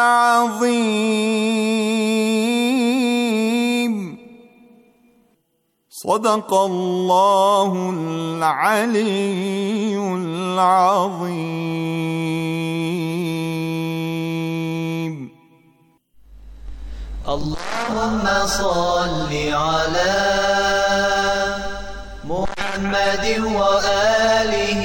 العظيم صدق الله العلي العظيم اللهم صل على محمد وآله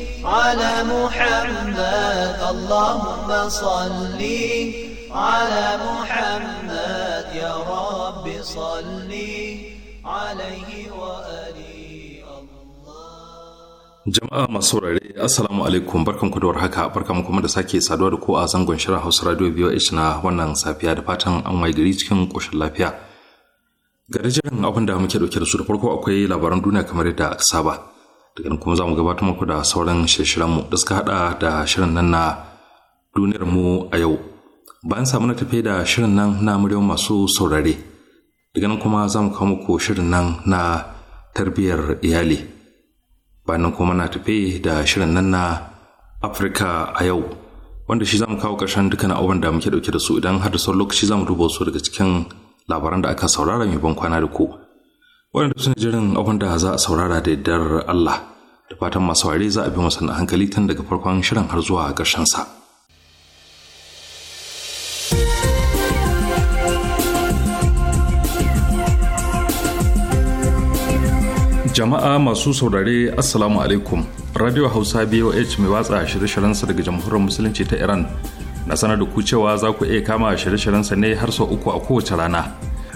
على محمد اللهم صل على محمد يا رب صل عليه Jama'a masu saurare Assalamu alaikum barkan ku da warhaka barkan kuma da sake saduwa da ku a zangon shirin Hausa Radio BOH na wannan safiya da fatan an waye gari cikin koshin lafiya. Ga jiran abin da muke dauke da su da farko akwai labaran duniya kamar yadda aka saba. daga nan kuma za mu gabatar muku da sauran shirye-shiryenmu da suka hada da shirin nan na duniyar mu a yau bayan samu na tafi da shirin nan na muryar masu saurare daga nan kuma za mu kawo muku shirin nan na tarbiyyar iyali bayan nan kuma na tafi da shirin nan na afirka a yau wanda shi za mu kawo ƙarshen dukkan abubuwan da muke ɗauke da su idan har da sauran lokaci za mu duba su daga cikin labaran da aka saurara mai ban kwana da ku waɗanda suna jirin abin da za a saurara da yardar Allah da fatan masu ware za a bi masa na hankali tun daga farkon shirin har zuwa ƙarshen sa. Jama'a masu saurare Assalamu alaikum Radio Hausa BOH mai watsa shirye shiryen sa daga Jamhuriyar Musulunci ta Iran na sanar da ku cewa za ku iya kama shirye shiryen sa ne har sau uku a kowace rana.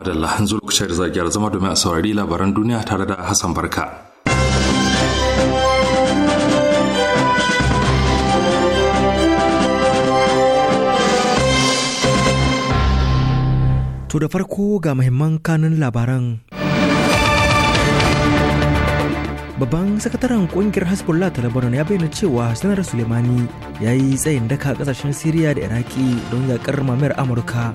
madalla hanzu lokacin da zagiyar zama domin a saurari labaran duniya tare da Hassan Barka. To da farko ga muhimman kanun labaran. Babban sakataren kungiyar hasbullah ta Lebanon ya bayyana cewa sanar Suleimani ya yi tsayin daka kasashen Siriya da Iraki don yakar mamayar Amurka.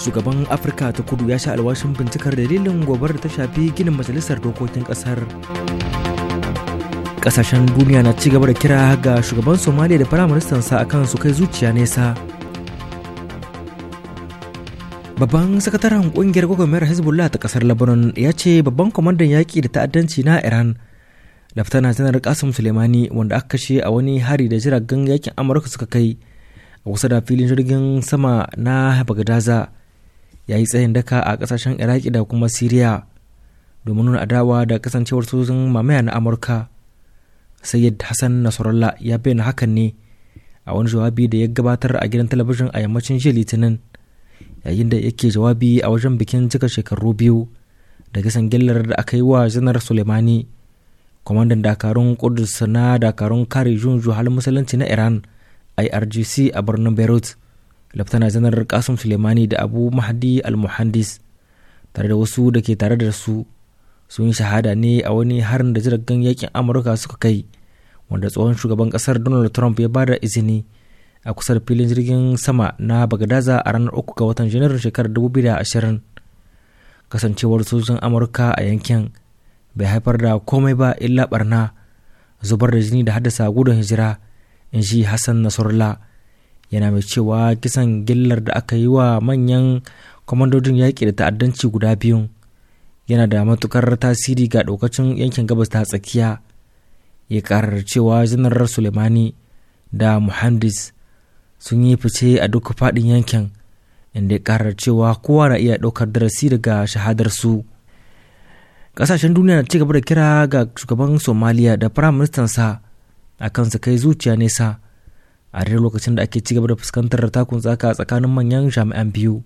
shugaban afirka ta kudu ya sha alwashin bincikar dalilin gobar da ta shafi ginin majalisar dokokin kasar kasashen duniya na cigaba da kira ga shugaban somaliya da firaministan a kan su kai zuciya nesa babban sakataren kungiyar gwagwarmayar hezbollah ta kasar lebanon ya ce babban kwamandan yaƙi da ta'addanci na iran laftana janar kasim suleimani wanda aka kashe a wani hari da jiragen yakin amurka suka kai a kusa da filin jirgin sama na bagadaza ya yi tsayin daka a kasashen iraki da kuma siriya domin nuna adawa da kasancewar sojojin mamaya na amurka sayyid hassan nasarallah ya bayyana hakan ne a wani jawabi da ya gabatar a gidan talabijin a yammacin jiya litinin yayin da yake jawabi a wajen bikin cika shekaru biyu da kisan gillar da aka yi wa janar sulemani kwamandan dakarun kudus na dakarun kare jun juhal musulunci na iran irgc a birnin beirut laftana janar kasum sulemani da abu mahdi al muhandis tare da wasu da ke tare da su sun yi shahada ne a wani harin da jiragen yakin amurka suka kai wanda tsohon shugaban kasar donald trump ya bada izini a kusa filin jirgin sama na bagadaza a ranar uku ga watan janairun shekarar 2020 kasancewar sojojin amurka a yankin bai haifar da komai ba illa barna zubar da jini da haddasa gudun hijira in ji hassan nasrallah yana mai cewa kisan gillar da aka yi wa manyan kwamandodin yaƙi da ta'addanci guda biyun yana da matukar tasiri ga ɗaukacin yankin gabas ta tsakiya ya karar cewa janar sulemani da muhandis sun yi fice a duk faɗin yankin inda ya karar cewa kowa na iya ɗaukar darasi daga shahadar su ƙasashen duniya na cigaba da kira ga shugaban somaliya da firaministansa ministansa a kansa kai zuciya nesa a daidai lokacin da ake cigaba da fuskantar takun tsaka tsakanin manyan jami'an biyu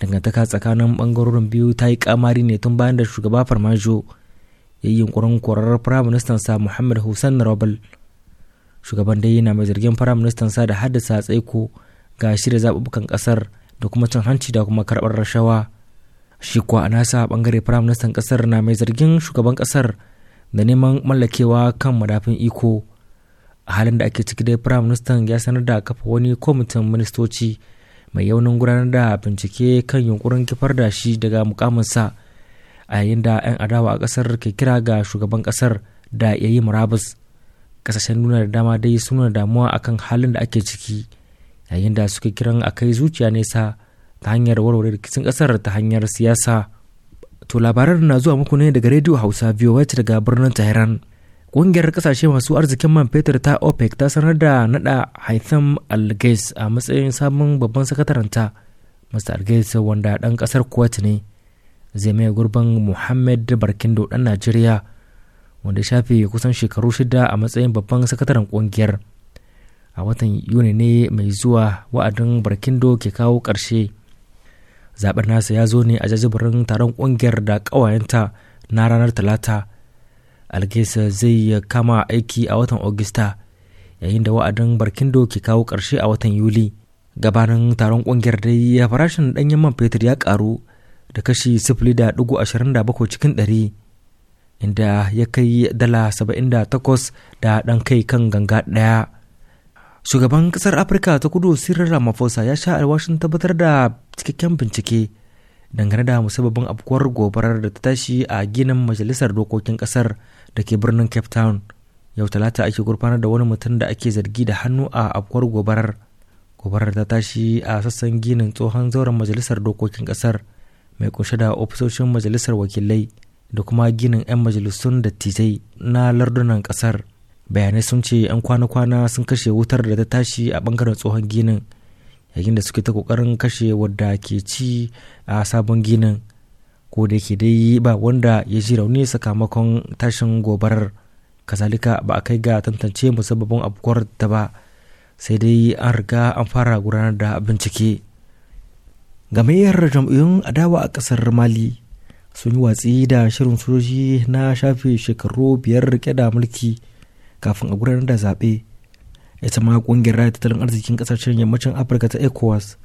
dangantaka tsakanin bangarorin biyu ta yi kamari ne tun bayan da shugaba farmajo ya yi yunkurin korar firaministan sa muhammad hussein rabal shugaban dai yana mai zargin firaministan sa da haddasa tsaiko ga shirya zaɓuɓɓukan ƙasar da kuma cin hanci da kuma karɓar rashawa shi kuwa a nasa bangare firaministan ƙasar na mai zargin shugaban ƙasar da neman mallakewa kan madafin iko a halin da ake ciki dai prime minister ya sanar da kafa wani kwamitin ministoci mai yaunin gudanar da bincike kan yunkurin kifar da shi daga mukaminsa a yayin da 'yan adawa a kasar ke kira ga shugaban kasar da ya yi murabus kasashen nuna da dama dai suna damuwa akan halin da ake ciki yayin da suke kiran a kai zuciya nesa ta hanyar warware rikicin kasar ta hanyar siyasa to labarar na zuwa muku ne daga rediyo hausa wacce daga birnin tehran Ƙungiyar ƙasashe masu arzikin man fetur ta OPEC ta sanar da naɗa Haitham Algais a matsayin sabon babban sakataranta. Mr. Algais wanda ɗan ƙasar Kuwait ne zai mai gurbin Muhammad Barkindo ɗan Najeriya wanda shafe kusan shekaru shida a matsayin babban sakataren ƙungiyar. A watan Yuni ne mai zuwa wa'adin Barkindo ke kawo ƙarshe. Zaɓen nasa ya zo ne a jajibirin taron ƙungiyar da ƙawayenta na ranar Talata. algesa zai kama aiki a watan augusta yayin da wa'adin barkindo ke kawo ƙarshe a watan yuli gabanin taron ƙungiyar da ya farashin ɗanyen man fetur ya karu da kashi sifili da cikin ɗari inda ya kai dala $7.8 da ɗan kai kan ganga ɗaya shugaban ƙasar afirka ta kudu cyril ramaphosa ya sha alwashin tabbatar da cikakken bincike dangane da musabbabin afkuwar gobarar da ta tashi a ginin majalisar dokokin ƙasar da ke birnin cape town yau talata ake gurfanar da wani mutum da ake zargi da hannu a afkuwar gobarar gobarar ta tashi a sassan ginin tsohon zauren majalisar dokokin kasar mai kunshe da ofisoshin majalisar wakilai da kuma ginin 'yan majalisun dattijai na lardunan kasar bayanai sun ce 'yan kwana-kwana sun kashe wutar da ta tashi a bangaren tsohon ginin yayin da suke ta kokarin kashe wadda ke ci a sabon ginin ko da yake dai ba wanda ya ji rauni sakamakon tashin gobarar kazalika ba a kai ga tantance musabbabin afkuwar ta ba sai dai an riga an fara gudanar da bincike gamayyar jam'iyyun adawa a kasar mali sun yi watsi da shirin sojoji na shafe shekaru biyar rike da mulki kafin a gudanar da zaɓe ita ma ƙungiyar tattalin arzikin ƙasashen yammacin afirka ta ecowas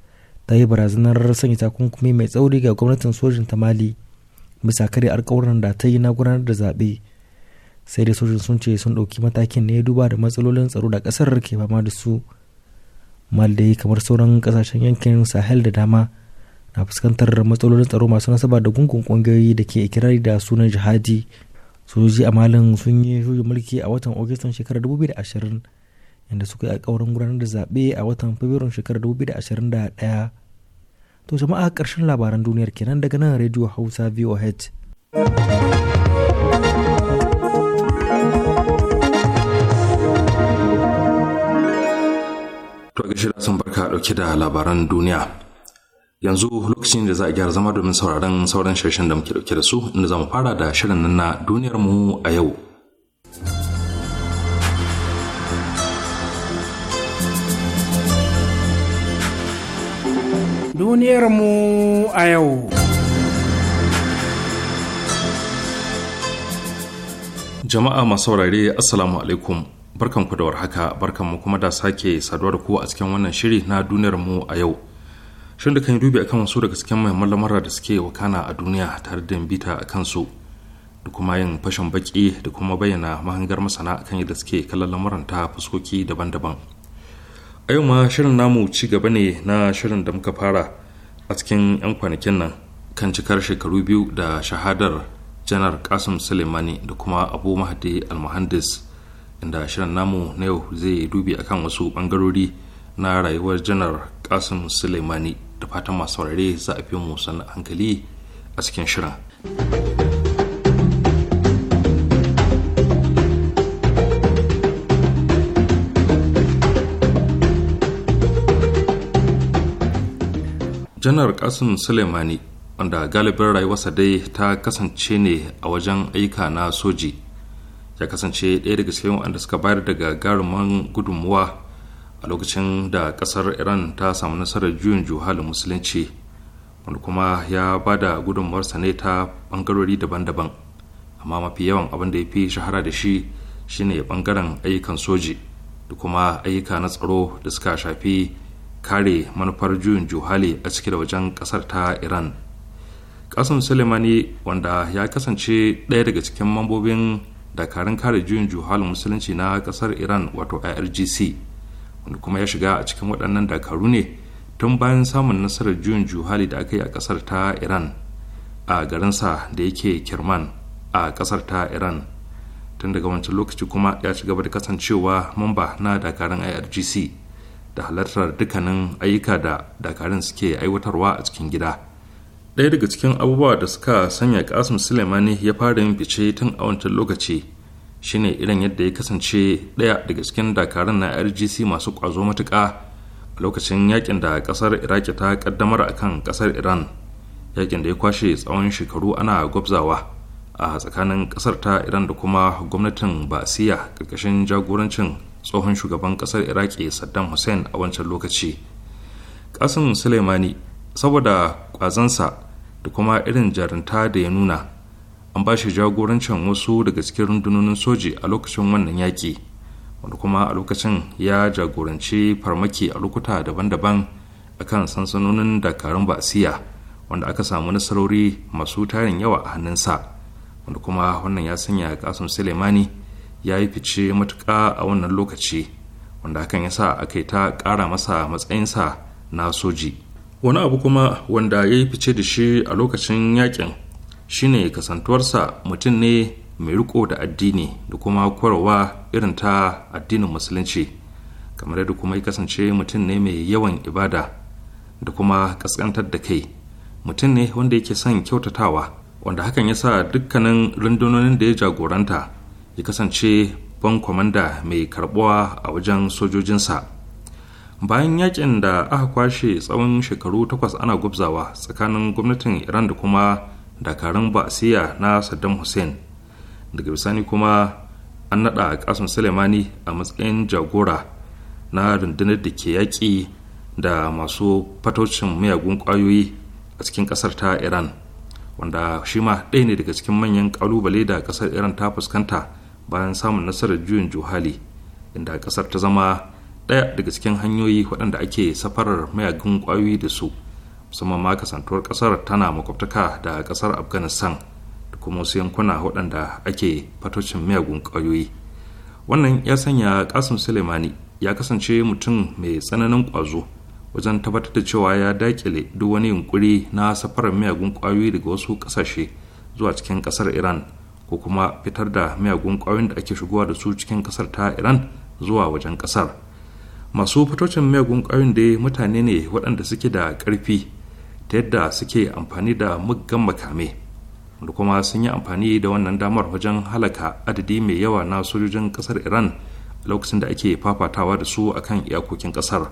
ta yi barazanar sanya takunkumi mai tsauri ga gwamnatin sojin ta mali bisa kare alkawarin da ta yi na gudanar da zaɓe sai da sojin sun ce sun ɗauki matakin ne duba da matsalolin tsaro da ƙasar ke fama da su mali dai kamar sauran ƙasashen yankin sahel da dama na fuskantar matsalolin tsaro masu nasaba da gungun ƙungiyoyi da ke ikirari da sunan jihadi sojoji a malin sun yi mulki a watan agustan shekarar 2020 inda suka yi alkawarin gudanar da zaɓe a watan fabrairun shekarar 2021 to jama'a ƙarshen labaran duniyar kenan daga nan rediyo hausa voh to gashi da sun barka dauke da labaran duniya yanzu lokacin da za a gyara zama domin sauraron sauran shirshen da muke dauke da su inda za mu fara da shirin nan na duniyar mu a yau duniyarmu a yau. Jama'a masu saurare Assalamu alaikum barkanku da warhaka barkanmu kuma da sake saduwa da ku a cikin wannan shiri na duniyar mu a yau. Shin da kan yi dubi akan wasu daga cikin mahimman lamura da suke wakana a duniya tare da bita a kansu da kuma yin fashin baki da kuma bayyana mahangar masana kan yadda suke kallon lamuran ta fuskoki daban-daban. a yau ma shirin namu ci gaba ne na shirin da muka fara a cikin 'yan kwanakin nan kan cikar shekaru biyu da shahadar janar kasim suleimani da kuma abu mahdi almuhandis inda shirin namu na yau zai dubi akan wasu bangarori na rayuwar janar kasim suleimani da fatan masu za a fi mu hankali a cikin shirin. janar kasan suleimani wanda galibin rayuwarsa dai ta kasance ne a wajen aika na soji ya kasance ɗaya daga cikin waɗanda suka bayar da gagarumin gudunmuwa a lokacin da ƙasar iran ta samu nasarar juyin juhalin musulunci wanda kuma ya ba da gudunmuwarsa ne ta ɓangarori daban-daban amma mafi yawan abin da ya fi shahara da shi shine bangaren ayyukan soji da kuma ayyuka na tsaro da suka shafi kare manufar juyin juhali a cike da wajen kasar ta iran kasan sulemani wanda ya kasance ɗaya daga cikin mambobin dakarun kare juyin juhalin musulunci na kasar iran wato irgc wanda kuma ya shiga a cikin waɗannan dakaru ne tun bayan samun nasarar juyin juhali da aka yi a kasar ta iran a garinsa da yake kirman a kasar ta iran tun daga wancan lokaci kuma ya ci gaba da kasancewa mamba na dakarun irgc da halartar dukkanin ayyuka da dakarun suke aiwatarwa a cikin gida ɗaya daga cikin abubuwa da suka sanya ƙasim suleimani ya fara yin fice tun a wancan lokaci shine irin yadda ya kasance ɗaya daga cikin dakarun na rgc masu ƙwazo matuƙa a lokacin yakin da ƙasar iraki ta ƙaddamar a kan ƙasar iran yakin da ya kwashe tsawon shekaru ana gwabzawa a tsakanin ƙasar ta iran da kuma gwamnatin basiya ƙarƙashin jagorancin tsohon shugaban kasar iraki saddam hussein a wancan lokaci kasim suleimani saboda kwazansa da kuma irin jarinta da ya nuna an ba shi jagorancin wasu daga cikin rundunonin soji a lokacin wannan yaƙi wanda kuma a lokacin ya jagoranci farmaki a lokuta daban-daban a kan sansanonin dakarun basiya wanda aka samu nasarori masu tarin yawa a hannunsa wanda kuma wannan ya sanya kasim suleimani ya yi fice matuƙa a wannan lokaci wanda hakan ya sa aka yi ta ƙara masa matsayinsa na soji wani abu kuma wanda ya yi fice da shi a lokacin yakin shine kasantuwarsa mutum ne mai riko da addini da kuma kwarwa irin ta addinin musulunci kamar yadda kuma ya kasance mutum ne mai yawan ibada da kuma kaskantar da kai mutum ne wanda yake son kyautatawa wanda hakan ya sa dukkanin rundunonin da ya jagoranta ya kasance ban kwamanda mai karbuwa a wajen sojojinsa bayan yakin da aka kwashe tsawon shekaru takwas ana gubzawa tsakanin gwamnatin iran da kuma dakarun basiya na saddam hussein daga bisani kuma an naɗa kasan sulemani a matsayin jagora na rundunar da ke yaƙi da masu fataucin miyagun ƙwayoyi a cikin ƙasar ta iran wanda shi ma ɗaya ne daga cikin manyan ƙalubale da ƙasar iran ta fuskanta bayan samun nasarar juyin juhali inda kasar ta zama ɗaya daga cikin hanyoyi waɗanda ake safarar mayagun ƙwayoyi da su musamman ma kasantuwar kasar tana makwabtaka da ƙasar afghanistan da kuma wasu yankuna waɗanda ake fatocin miyagun ƙwayoyi wannan ya sanya kasim suleimani ya kasance mutum mai tsananin ƙwazo wajen tabbatar da cewa ya daƙile duk wani yunƙuri na safarar miyagun ƙwayoyi daga wasu ƙasashe zuwa cikin ƙasar iran ko kuma fitar da miyagun ƙwayoyin da ake shigowa da su cikin ƙasar ta iran zuwa wajen ƙasar masu fitocin miyagun ƙwayoyin dai mutane ne waɗanda suke da ƙarfi ta yadda suke amfani da muggan makame da kuma sun yi amfani da wannan damar wajen halaka adadi mai yawa na sojojin ƙasar iran lokacin da ake fafatawa da su akan iyakokin ƙasar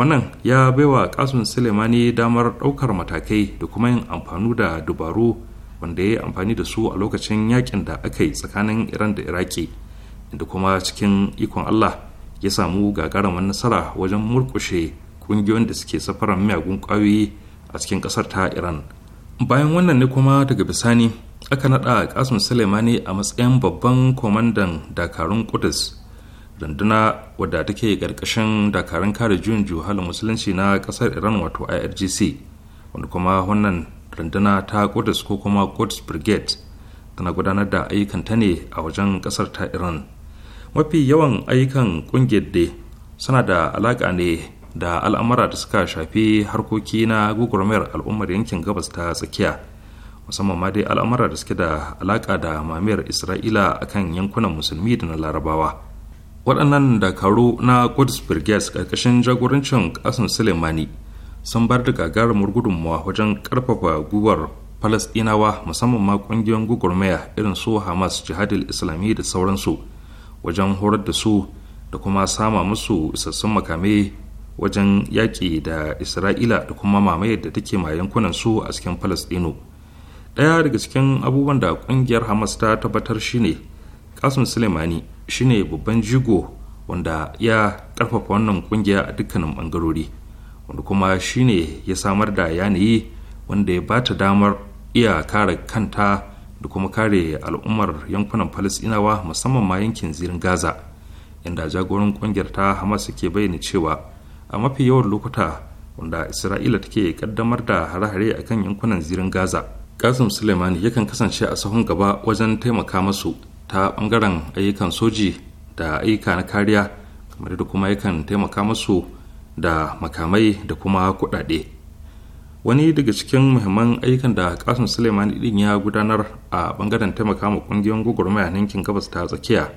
wannan ya baiwa kasun sulemani damar ɗaukar matakai da kuma yin amfani da dubaru wanda ya yi amfani da su a lokacin yakin da aka yi tsakanin iran da iraki inda kuma cikin ikon allah ya samu gagarumin nasara wajen murkushe kungiyoyin da suke safaran miyagun kwayoyi a cikin kasar ta iran bayan wannan ne kuma daga bisani aka nada kasim suleimani a matsayin babban kwamandan dakarun kudus danduna wadda take karkashin dakarun kare juyin juhalin musulunci na kasar iran wato irgc wanda kuma wannan runduna ta kudus ko kuma Quds Brigade tana gudanar da ayyukanta ne a wajen kasar ta Iran. Mafi yawan ayyukan kungiyar da suna da alaƙa ne da al'amura da suka shafi harkoki na gugurmayar al'ummar yankin gabas ta tsakiya musamman ma dai al'amura da suke da alaƙa da mamiyar isra'ila akan yankunan musulmi da na larabawa waɗannan dakaru na quds Brigade ƙarƙashin jagorancin ƙasan sulemani sun bar da gagarumar gudunmawa wajen karfafa guwar falasdinawa musamman ma kungiyoyin gugurmaya irin su hamas jihadil islami da sauransu wajen horar da su da kuma sama musu isassun makamai wajen yaƙi da isra'ila da kuma mamayar da take ma yankunan su a cikin falasdino ɗaya daga cikin abubuwan da ƙungiyar hamas ta tabbatar shine kasim sulemani shine babban jigo wanda ya ƙarfafa wannan ƙungiya a dukkanin bangarori. wanda kuma shine ya samar da yanayi wanda ya ba ta damar iya kare kanta da kuma kare al'ummar yankunan falasinawa musamman ma yankin zirin gaza inda jagoran kungiyar ta hamas ke bayyana cewa a mafi yawan lokuta wanda isra'ila take kaddamar da hare-hare a kan yankunan zirin gaza kasim suleimani yakan kasance a sahun gaba wajen taimaka masu ta bangaren ayyukan soji da ayyuka na kariya kamar da kuma yakan taimaka masu da makamai da kuma kuɗaɗe wani daga cikin muhimman ayyukan da kasan suleiman idin ya gudanar a bangaren taimaka ma kungiyar gwagwarmaya yankin gabas ta tsakiya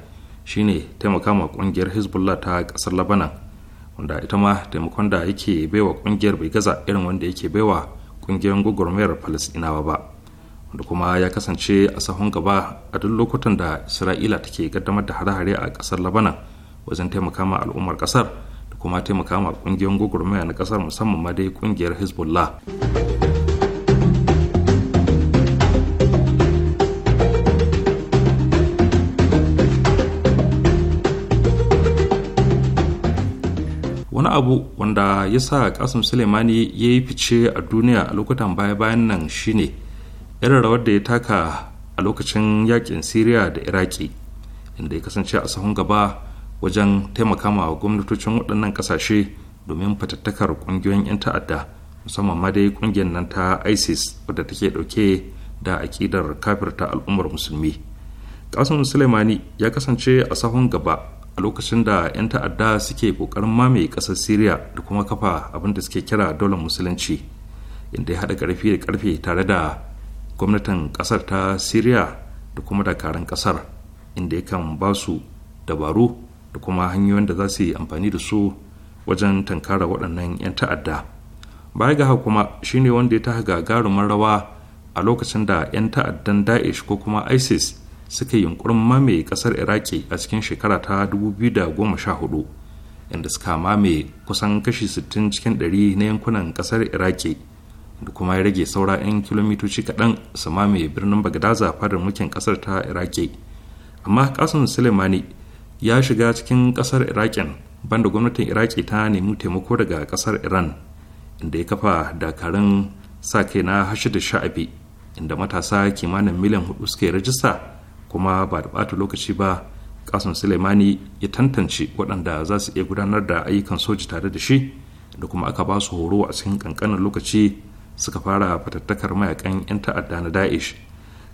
shine taimaka ma kungiyar hezbollah ta kasar labanan wanda ita ma taimakon da yake baiwa kungiyar bai gaza irin wanda yake baiwa kungiyar gwagwarmayar palestinawa ba wanda kuma ya kasance a sahun gaba a duk lokutan da isra'ila take kaddamar da hare-hare a kasar labanan wajen taimaka ma al'ummar kasar da kuma taimaka ma kungiyoyin gwagwarmaya na kasar musamman ma dai kungiyar hezbollah wani abu wanda ya sa kasim suleimani ya yi fice a duniya a lokutan baya-bayan nan shine irin rawar da ya taka a lokacin yakin siriya da iraki inda ya kasance a sahun gaba wajen taimaka ma gwamnatocin waɗannan ƙasashe domin fatattakar ƙungiyoyin 'yan ta'adda musamman ma dai ƙungiyar nan ta isis wadda take ɗauke da aƙidar kafirta al'ummar musulmi ƙasan suleimani ya kasance a sahun gaba a lokacin da 'yan ta'adda suke ƙoƙarin mamaye ƙasar syria da kuma kafa abin da suke kira daular musulunci inda ya haɗa ƙarfi da ƙarfe tare da gwamnatin ƙasar ta syria da kuma dakarun ƙasar inda ya kan ba dabaru da kuma hanyoyin da za su yi amfani da su wajen tankara waɗannan 'yan ta'adda baya ga haka kuma shine wanda ya taha gagarumin rawa a lokacin da 'yan ta'addan da'ish ko kuma isis suka yunkurin mamaye ƙasar iraki a cikin shekara ta 2014 inda suka mamaye kusan kashi 60 cikin 100 na yankunan ƙasar iraki da kuma ya rage saura 'yan kilomitoci kaɗan su mamaye birnin bagdaza fadar mulkin ƙasar ta iraki amma kasan sulemani ya shiga cikin kasar iraƙin banda gwamnatin iraki ta nemi taimako daga kasar iran inda ya kafa dakarun sa kai na hashe da sha'abi inda matasa kimanin miliyan hudu suke rajista kuma ba da bata lokaci ba kasan suleimani ya tantance waɗanda za su iya gudanar da ayyukan soji tare da shi da kuma aka ba su horo a cikin kankanin lokaci suka fara fatattakar mayakan 'yan ta'adda na da'ish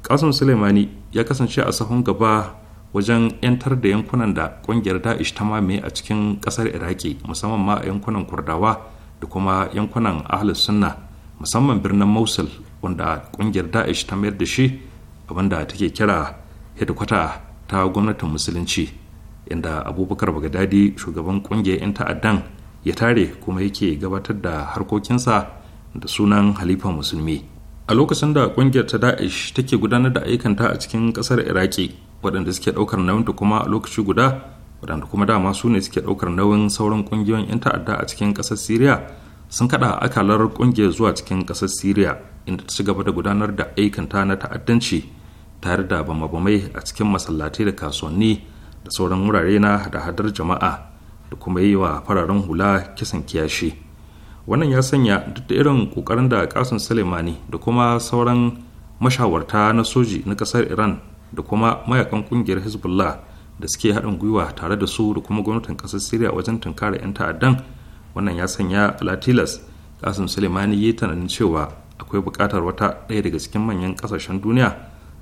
kasan suleimani ya kasance a sahun gaba wajen 'yantar da yankunan da kungiyar da'ish ta mamaye a cikin kasar iraki musamman ma a yankunan kurdawa da kuma yankunan ahlus sunna musamman birnin mosul wanda kungiyar da'ish ta mayar da shi abinda take kira hedikwata ta gwamnatin musulunci inda abubakar bagadadi shugaban kungiyar 'yan ta'addan ya tare kuma yake gabatar da harkokinsa da sunan halifa musulmi a lokacin da kungiyar ta da'ish take gudanar da ayyukanta a cikin kasar iraki waɗanda suke ɗaukar nauyin ta kuma a lokaci guda waɗanda kuma dama su ne suke ɗaukar nauyin sauran ƙungiyoyin 'yan ta'adda a cikin ƙasar siriya sun kaɗa akalar ƙungiyar zuwa cikin ƙasar siriya inda ta ci gaba da gudanar da aikanta na ta'addanci tare da bamabamai a cikin masallatai da kasuwanni da sauran wurare na hada hadar jama'a da kuma yi wa fararen hula kisan kiyashi wannan ya sanya duk da irin ƙoƙarin da kasun suleimani da kuma sauran mashawarta na soji na ƙasar iran da kuma mayakan kungiyar hezbollah da suke haɗin gwiwa tare da su da kuma gwamnatin ƙasar syria wajen tunkara 'yan ta'addan wannan ya sanya alatilas kasim suleimani ya tunanin cewa akwai buƙatar wata ɗaya daga cikin manyan ƙasashen duniya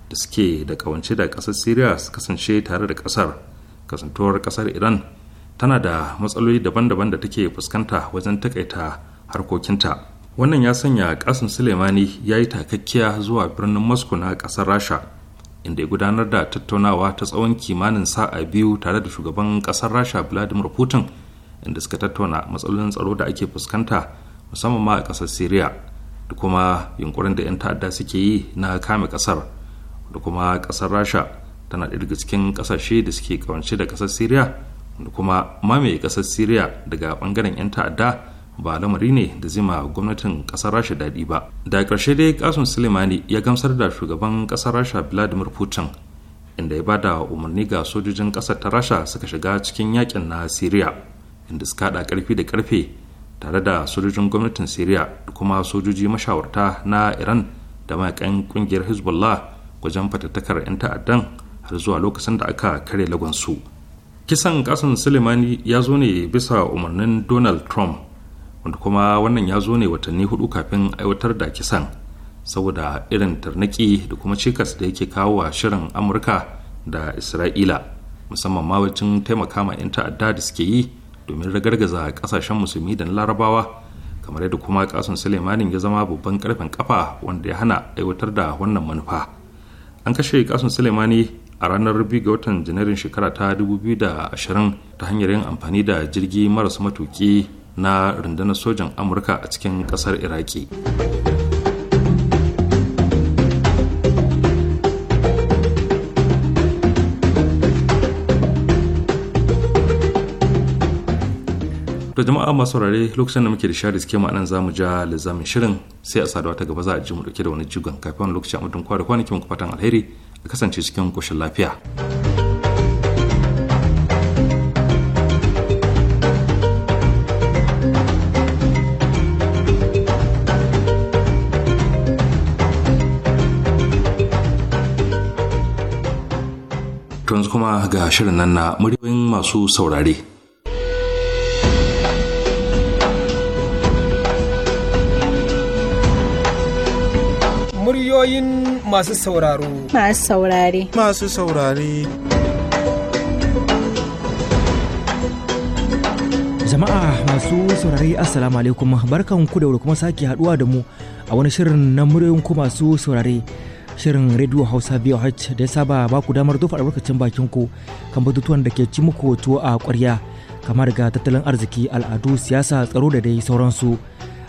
da suke da ƙawance da ƙasar syria su kasance tare da ƙasar kasantuwar ƙasar iran tana da matsaloli daban-daban da take fuskanta wajen takaita harkokinta wannan ya sanya kasim suleimani ya yi takakkiya zuwa birnin moscow na ƙasar rasha inda ya gudanar da tattaunawa ta tsawon kimanin sa'a biyu tare da shugaban kasar rasha vladimir putin inda suka tattauna matsalolin tsaro da ake fuskanta musamman ma a kasar syria da kuma yunkurin da 'yan ta'adda suke yi na kame kasar da kuma kasar rasha tana ɗaya daga cikin kasashe da suke kawance da kasar syria da kuma mamaye kasar syria daga bangaren 'yan ta'adda ba lamari ne da zai ma gwamnatin kasar rasha daɗi ba da ƙarshe dai kasun sulemani ya gamsar da shugaban kasar rasha vladimir putin inda ya bada umarni ga sojojin kasar ta rasha suka shiga cikin yakin na syria inda suka haɗa ƙarfi da ƙarfe tare da sojojin gwamnatin syria da kuma sojoji mashawarta na iran da mayakan ƙungiyar hezbollah wajen fatattakar 'yan ta'addan har zuwa lokacin da aka kare lagonsu kisan kasan sulemani ya zo ne bisa umarnin donald trump wanda kuma wannan ya zo ne watanni hudu kafin aiwatar da kisan saboda irin tarnaki da kuma cikas da yake kawo wa shirin amurka da isra'ila musamman ma wacin taimaka ma 'yan ta'adda da suke yi domin ragargaza kasashen musulmi da larabawa kamar yadda kuma kasan sulemanin ya zama babban karfin kafa wanda ya hana aiwatar da wannan manufa an kashe kasan sulemani a ranar biyu ga watan janairun shekara ta 2020 ta hanyar yin amfani da jirgi maras matuki na rundunar sojan amurka a cikin kasar iraki to jama'a masu saurare lokacin da muke da share suke nan za mu ja lizamin shirin sai a saduwa ta gaba za a ji mu dauke da wani jigon kafin lokacin amudin kwa da kwanakin fatan alheri a kasance cikin koshin lafiya. To yanzu kuma ga shirin nan na muryoyin masu saurare. Muryoyin masu sauraro. Masu saurare. Masu saurare. Jama'a masu saurare Assalamu alaikum barkan ku da kuma sake haduwa da mu a wani shirin na muryoyin ku masu saurare. shirin rediyo hausa voh da ya saba ba ku damar dofa albarkacin bakin ku kan batutuwan da ke ci muku tuwo a kwarya kamar ga tattalin arziki al'adu siyasa tsaro da dai sauransu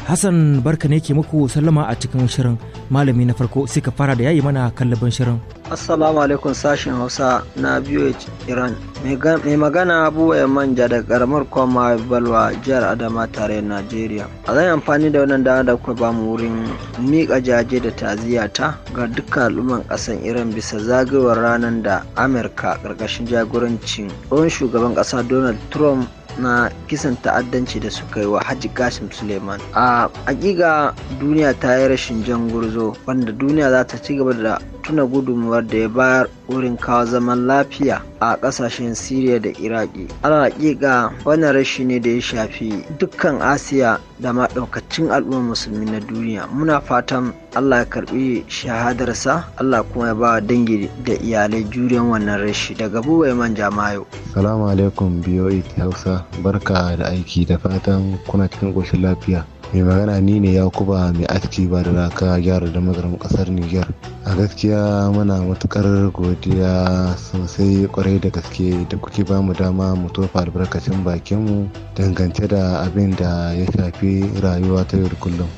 Hassan barka ne ke muku sallama a cikin shirin malami na farko sai ka fara da yayi mana kallabin shirin. Assalamu alaikum sashen Hausa na BOH Iran. Mai magana abubuwan manja da karamar kwama balwa jihar Adama tare Najeriya. A zan amfani da wannan dama da kuka bamu wurin miƙa jaje da taziya ta ga dukkan al'umman ƙasan Iran bisa zagayowar ranar da Amurka ƙarƙashin jagorancin tsohon shugaban ƙasa Donald Trump na kisan ta'addanci da suka yi wa hajji Kasim Suleiman. A hakika duniya ta yi rashin jan gurzo wanda duniya za ta ci gaba da tuna gudunmuwar da ya bayar wurin kawo zaman lafiya a kasashen Siriya da Iraki. Alhaƙiƙa wani rashi ne da ya shafi dukkan Asiya da ma ɗaukacin al'ummar musulmi na duniya. Muna fatan Allah ya karɓi shahadarsa, Allah kuma ya ba dangi da iyalai juriyan wannan rashi daga buwai manja mayo. Salamu alaikum BOA Hausa, barka da aiki da fatan kuna cikin ƙoshin lafiya. mai magana ni ne ya kuba mai aski ba da raka gyara da mazarin kasar niger a gaskiya muna matukar godiya sosai kwarai da gaske da kuke ba mu dama mu tofa albarkacin bakinmu dangance da abin da ya shafi rayuwa ta yau da kullum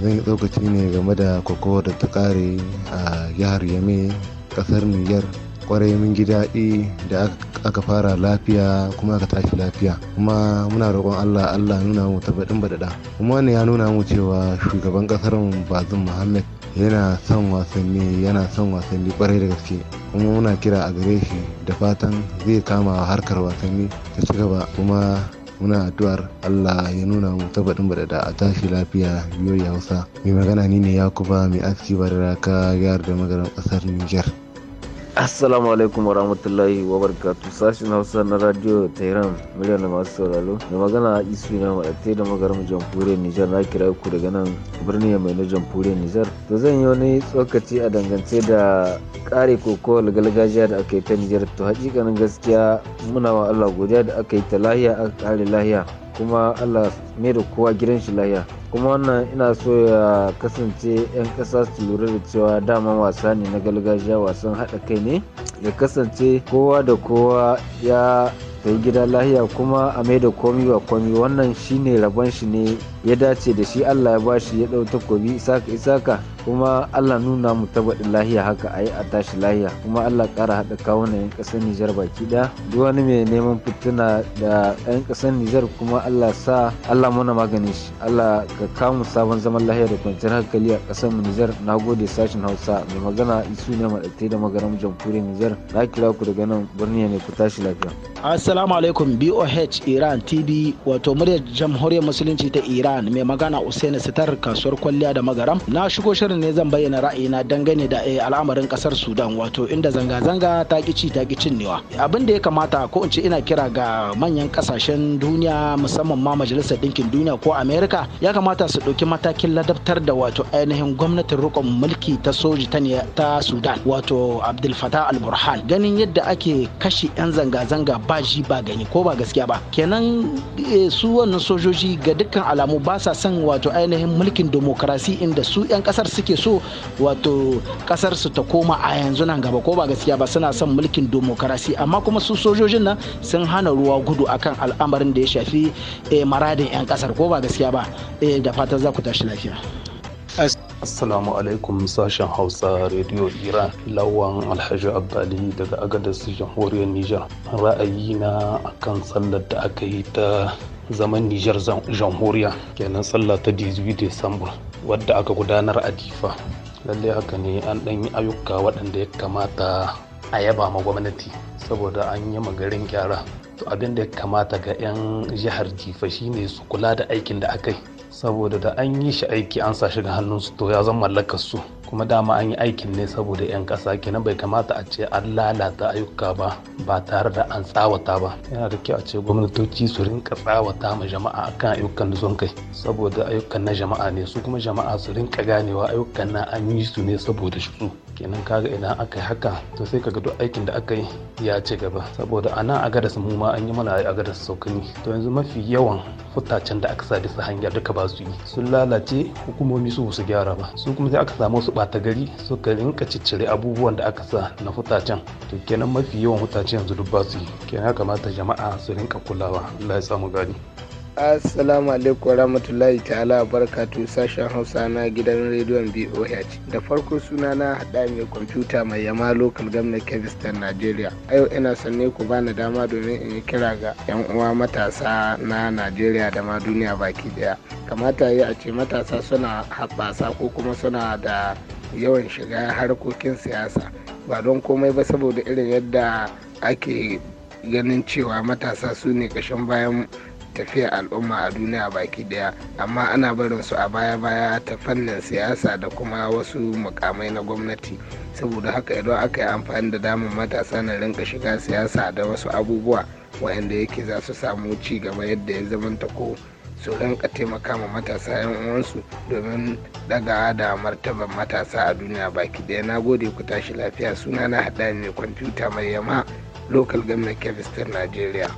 zan yi tsokaci ne game da koko da ta kare a jihar yame kasar niger kwarai mun ji daɗi da aka fara lafiya kuma aka tashi lafiya kuma muna roƙon allah allah nuna mu tabbatin baɗaɗa kuma wannan ya nuna mu cewa shugaban ƙasar mu bazin muhammad yana son wasanni yana son wasanni kwarai da gaske kuma muna kira a gare shi da fatan zai kama harkar wasanni ta ci gaba kuma muna addu'ar Allah ya nuna mu tabbatin ba a tashi lafiya biyoyi Hausa mai magana ni ne Yakuba mai aski baraka yar da magaran ƙasar Niger assalamu alaikum wa rahmatullahi wa barakatu sashen hausa na radio tehran miliyan da masu sauraro da magana isu na maɗatai da magarin jamhuriyar nijar na kira ku daga nan birni mai na jamhuriyar nijar to zan yi wani tsokaci a dangance da kare koko gargajiya da aka yi ta nijar to hakikanin gaskiya muna wa allah godiya da aka yi ta lahiya aka kare lahiya kuma allah mai da kowa gidan shi lahiya kuma wannan ina so ya kasance 'yan ƙasa su lura da cewa dama wasa ne na gargajiya wasan haɗa kai ne ya kasance kowa da kowa ya ta yi gida lahiya kuma a mai da komi ba komi wannan shine rabon shi ne ya dace da shi allah ya bashi ya ɗau takobi isaka isaka kuma allah nuna mu tabaɗi lahiya haka a yi a tashi lahiya kuma allah ƙara haɗa na 'yan ƙasar nijar baki ɗaya duk wani mai neman fituna da 'yan ƙasar nijar kuma allah sa allah mana maganin shi allah ka kamu sabon zaman lahiya da kwanciyar hankali a ƙasar mu nijar na gode sashen hausa mai magana isu ne maɗatai da magaram jamhuriyar nijar na kira ku daga nan birni ne ku tashi lafiya. Assalamu alaikum BOH Iran TV wato muryar jamhuriyar musulunci ta Iran mai magana Usaini Sitar kasuwar kwalliya da magaram na shigo shirin ne zan bayyana ra'ayina dangane da eh, al'amarin kasar Sudan wato inda zanga-zanga ta kici ta kicin newa abin da ya kamata ko in ce ina kira ga manyan kasashen duniya musamman ma majalisar ɗinkin duniya ko Amerika ya kamata su ɗauki matakin ladabtar da wato ainihin gwamnatin rikon mulki ta soji ta Sudan wato Abdul Fattah al-Burhan ganin yadda ake kashe 'yan zanga-zanga ba sojoji ba gani ko ba gaskiya ba kenan eh, su wannan sojoji ga dukkan alamu ba sa son wato ainihin mulkin demokrasi inda su 'yan kasar suke so wato kasar su ta koma a yanzu nan gaba ko ba gaskiya ba suna son mulkin demokrasi amma kuma su sojojin nan sun hana ruwa gudu akan al'amarin da ya shafi eh, maradin 'yan kasar ko ba gaskiya ba eh, da fatan za ku tashi lafiya. Assalamu alaikum sashen Hausa Radio Iran lawan Alhaji Abdali daga Agadez jamhuriyar Nijar. Ra'ayi na akan sallar da aka yi ta zaman Nijar jamhuriya kenan sallah ta 18 Disamba wadda aka gudanar a Difa. Lallai haka ne an ɗan yi ayyuka waɗanda ya kamata a yaba ma gwamnati saboda an yi garin gyara. To abin da ya kamata ga 'yan jihar Difa shine su kula da aikin da aka yi. saboda da an yi shi aiki an sa shi ga su to ya zama mallakar su kuma dama an yi aikin ne saboda 'yan ƙasa kenan bai kamata a ce an lalata ayyuka ba ba tare da an tsawata ba yana da kyau a ce gwamnatoci su rinka tsawata ma jama'a akan ayyukan da sun kai saboda ayyukan na jama'a ne su kuma jama'a su rinka ganewa ayyukan na an yi su ne saboda shi su kenan kaga idan aka yi haka to sai kaga duk aikin da aka yi ya ci gaba saboda a nan agadas mu ma an yi mana a agadas saukani to yanzu mafi yawan futacen da aka sa su hanyar duka ba su yi sun lalace hukumomi su su gyara ba su kuma sai aka samu su bata gari ka rinka ciccire abubuwan da aka sa na futacen to kenan mafi yawan futacen yanzu duk ba su yi kenan kamata jama'a su rinka kulawa Allah ya samu gani Assalamu alaikum warahmatullahi ta'ala barakatu sashen Hausa na gidan rediyon BOH. Da farko suna na hada mai kwamfuta mai yama local government Kevistan Najeriya. A yau ina sanne ku bani dama domin in yi kira ga 'yan uwa matasa na Najeriya da ma duniya baki daya. Kamata yi a ce matasa suna haɓasa ko kuma suna da yawan shiga harkokin siyasa. Ba don komai ba saboda irin yadda ake ganin cewa matasa su ne ƙashin bayan tafiyar al'umma a duniya baki daya amma ana barin su a baya-baya ta fannin siyasa da kuma wasu mukamai na gwamnati saboda haka idan aka yi amfani da damar matasa na rinka shiga siyasa da wasu abubuwa waɗanda yake za su samu ci gaba yadda ya zamanta ko su rinka taimaka ma matasa yan uwansu domin daga da martaban matasa a duniya baki daya na gode ku tashi lafiya suna na hada ne kwamfuta mai yama local government kebistar nigeria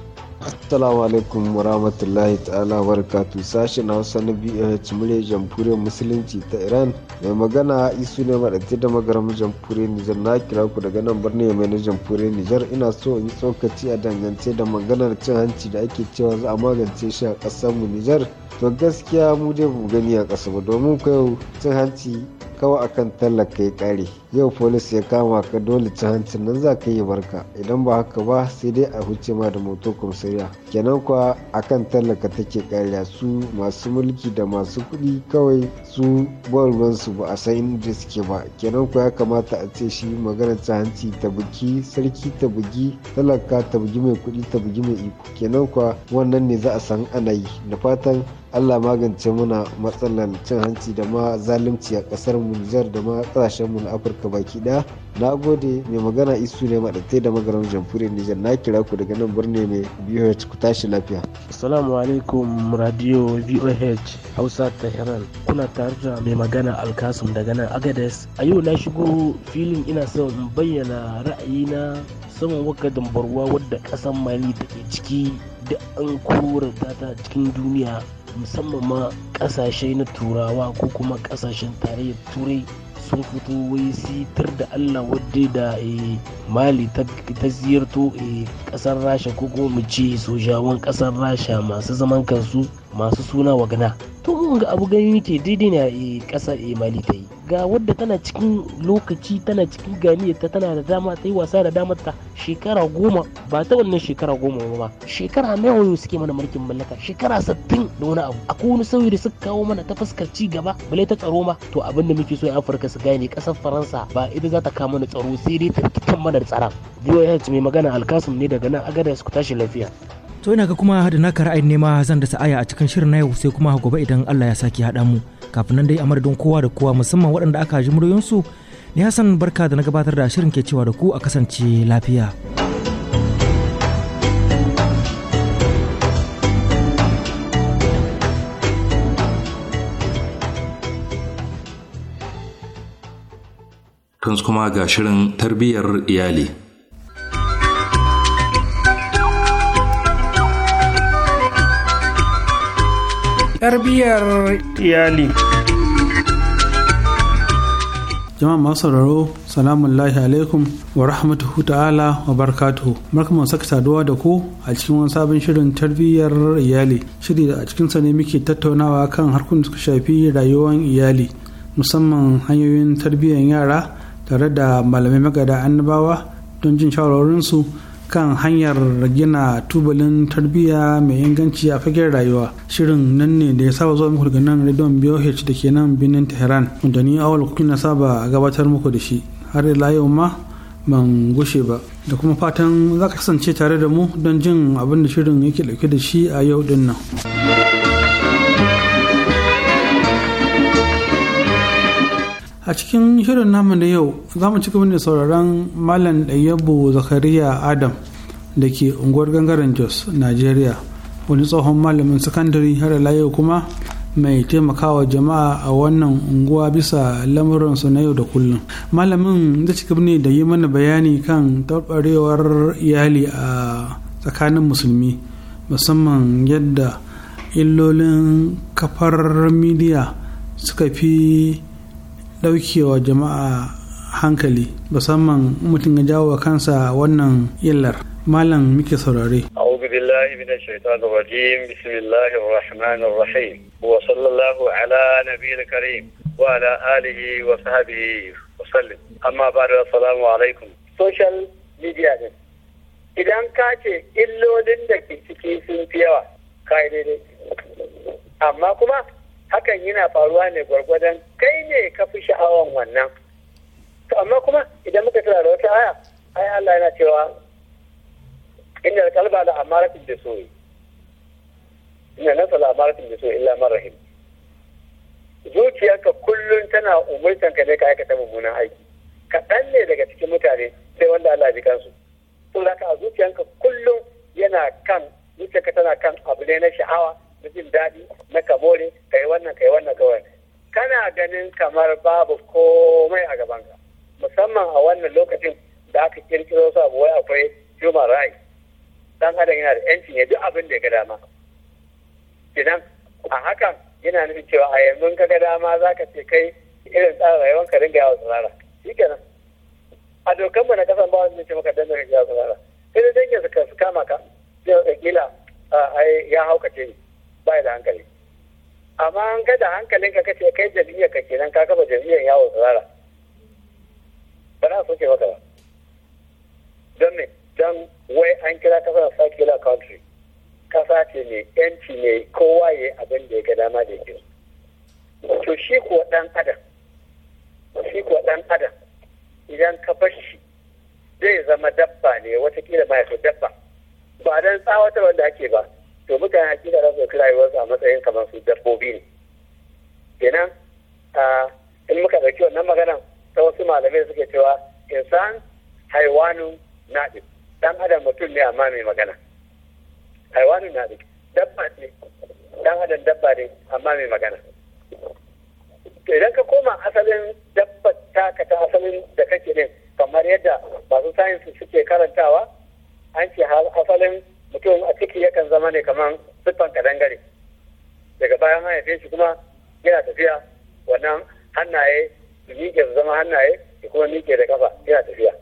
Assalamu alaikum warahmatullahi ta'ala barakatu sashen Hausa na biyar murya jamhuriyar musulunci ta Iran mai magana isu ne madatte da magaramin jamhuriyar Nijar na kira ku daga nan birni mai na jamhuriyar Nijar ina so in tsokaci a dangance da maganar cin hanci da ake cewa za a magance shi a ƙasar mu Nijar to gaskiya mu dai mu gani a ƙasa ba domin kai cin hanci kawai akan tallaka ya kare yau polis ya kama ka dole ci hancin nan za ka yi barka idan ba haka ba sai dai a huce ma da moto kumsariya kenan kuwa akan tallaka take kariya su masu mulki da masu kuɗi kawai su ruwan su ba a san inda suke ba kenan kuwa ya kamata a ce shi magana ci hanci ta buki sarki ta bugi talaka ta bugi mai kuɗi ta bugi mai iko kenan kuwa wannan ne za a san ana yi da fatan allah magance muna matsalar cin hanci da ma zalunci a ƙasar mu nijar da ma kasashen mu na afirka baki daya na gode mai magana isu ne maɗatai da magaram jamhuriyar nijar na kira ku daga nan birni ne B.O.H ku tashi lafiya assalamu alaikum radio voh hausa tehran kuna tare da mai magana alkasum daga nan agades a yau na shigo filin ina son in bayyana ra'ayina saman wakadin dambarwa wadda ƙasar mali take ciki da an kura data cikin duniya musamman ma kasashe na turawa ko kuma kasashen tarayyar turai sun fito wai sitar da allah wadda da eh, mali ta ziyarto kasar eh, rasha ko kuma mu ce sojawan kasar rasha masu zaman kansu masu suna wagana to mun ga abu gani ke daidai ne a kasar eh, eh, mali ta yi ga wadda tana cikin lokaci tana cikin ganiyar ta tana da dama ta yi wasa da damar ta shekara goma ba ta wannan shekara goma ba shekara na yau suke mana mulkin mallaka shekara sattin da wani abu akwai wani sauyi da suka kawo mana ta fuskar ci gaba bale ta tsaro ma to abin da muke so a afirka su gane kasar faransa ba ita za ta kawo mana tsaro sai dai ta rikitan mana da tsara biyo ya mai magana alkasum ne daga nan agada su tashi lafiya to ina ga kuma da naka ra'ayin nema zan da sa'aya a cikin shirin na yau sai kuma gobe idan Allah ya saki haɗa mu kafin nan dai a madadin kowa da kowa musamman waɗanda aka ji muryoyinsu ni Hassan barka da na gabatar da shirin ke cewa da ku a kasance lafiya. Tun kuma ga shirin tarbiyyar iyali. tarbiyyar iyali jama'a masu sauraro Salamu alaikum wa rahmatuhu ta'ala wa barkatu barka mu saka saduwa da ku a cikin wani sabon shirin tarbiyyar iyali shiri da a cikinsa ne muke tattaunawa kan harkun da suka shafi rayuwar iyali musamman hanyoyin tarbiyyar yara tare da malamai magada annabawa don jin shawarorinsu kan hanyar gina tubalin tarbiyya mai inganci a fagen rayuwa shirin nan ne da ya saba zuwa muku daga nan rediyon boh da ke nan birnin tehran da ni awal kuki na saba gabatar muku da shi har da yau ma ban gushe ba da kuma fatan za ka kasance tare da mu don jin abin da shirin yake dauke da shi a yau din nan. a cikin shirin namu da yau za mu ci gaba da sauraron malam ɗayyabo zakariya adam da ke unguwar gangaren jos nigeria wani tsohon malamin sakandare har layo kuma mai taimakawa jama'a a wannan unguwa bisa lamuransu na yau da kullum malamin zai ci ne da yi mana bayani kan taɓarewar iyali a tsakanin musulmi musamman yadda illolin kafar midiya suka fi ɗaukewa jama'a hankali musamman mutum ya jawo kansa wannan illar malam muke saurare بالله من الشيطان الرجيم بسم الله Wa wa Amma ba social media din idan ka ce illolin da ke ciki sun fi yawa ka daidai amma kuma hakan yana faruwa ne gwargwadon kai ne ka fi sha'awan wannan to amma kuma idan muka tura da wata aya ai Allah yana cewa inda kalba da amaratin da soyi inda nasa da amaratin da soyi illa rahim zuciyarka kullum tana umurtan ka ne ka aikata mummunan aiki kaɗan ne daga cikin mutane sai wanda Allah ya kansu to zaka a zuciyarka kullum yana kan zuciyarka tana kan abu ne na sha'awa na jin daɗi na kamore kai wannan kai wannan kawai kana ganin kamar babu komai a gabanka musamman a wannan lokacin da aka kirkiro su abu wai akwai human rights dan adam yana da yancin ya duk abin da ya ga dama idan a hakan yana nufin cewa a yanzu ka ga dama za ka ce kai irin tsara rayuwar ka dinga yawon tsirara shi kenan a dokan mu na kasan ba wani ce maka danna ringa yawa tsirara sai dai dangin su kama ka sai kila ya haukace ni ba da hankali amma an gada hankalin ka kace kai jamia ka ke nan ka kafa jam'iyyar yawon zara ba na soke maka ba don ne don wai an kira kasar secular country kasa ce ne yanci ne kowa ya abin da ya ga dama da ke to shi kuwa dan adam shi kuwa dan adam idan ka bar shi zai zama dabba ne watakila ma ya dabba ba dan tsawata wanda ake ba to mutane hakika da su ɗauki rayuwarsu a matsayin kamar su dabbobi ne kenan in muka ɗauki wannan maganan ta wasu malamai suke cewa insan haiwanu naɗi ɗan adam mutum ne amma mai magana haiwanu naɗi dabba ne. ɗan adam dabba ne amma mai magana to idan ka koma asalin dabba taka ta asalin da kake ne kamar yadda masu sayansu suke karantawa an ce asalin mutum a ciki yakan zama ne kamar siffan kadangare daga bayan mahaifin shi kuma yana tafiya wannan hannaye su miƙe su zama hannaye su kuma miƙe da kafa yana tafiya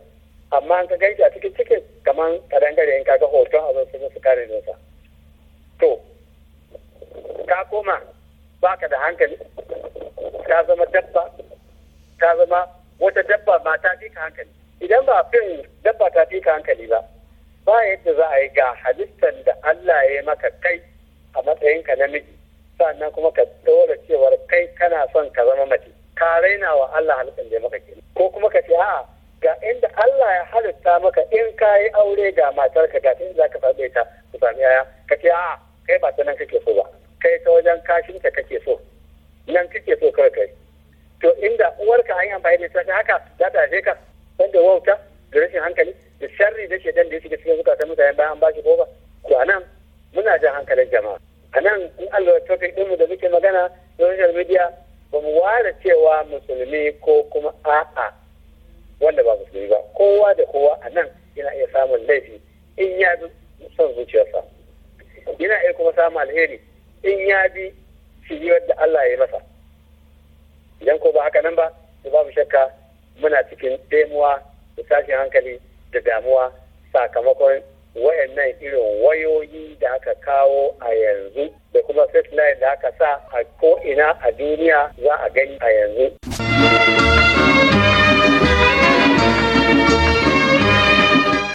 amma an ka gan a cikin ciki kamar kadangare in kaga hoton abin sun su kare nesa to ka koma baka da hankali ka zama dabba ka zama wata dabba ma ta fi ka hankali idan ba fin dabba ta fi ka hankali ba ba yadda za a yi ga halittar da Allah ya yi maka kai a matsayinka na miji sannan kuma ka dole cewar kai kana son ka zama mace ka raina wa Allah halittar da ya maka kenan ko kuma ka ce a'a ga inda Allah ya halitta maka in ka yi aure ga matarka ga inda za ka same ta ku sami yaya ka ce a'a kai ba ta nan kake so ba kai ta wajen kashinta kake so nan kake so kawai kai to inda uwarka an yi amfani da ita haka za ta aje ka wanda wauta da rashin hankali da sharri da shaidan da ya shiga cikin zukatan mutane bayan an ba shi boba to a nan muna jan hankalin jama'a a nan in allah topic ɗinmu da muke magana na social media ba mu ware cewa musulmi ko kuma a'a wanda ba musulmi ba kowa da kowa a nan yana iya samun laifi in ya bi son zuciyarsa yana iya kuma samun alheri in ya bi shiriyar da Allah ya masa idan ko ba haka nan ba to babu shakka muna cikin ɗemuwa da sashen hankali da damuwa sakamakon wayannan irin wayoyi da aka kawo a yanzu da kuma satellite da aka sa a ko'ina a duniya za a gani a yanzu.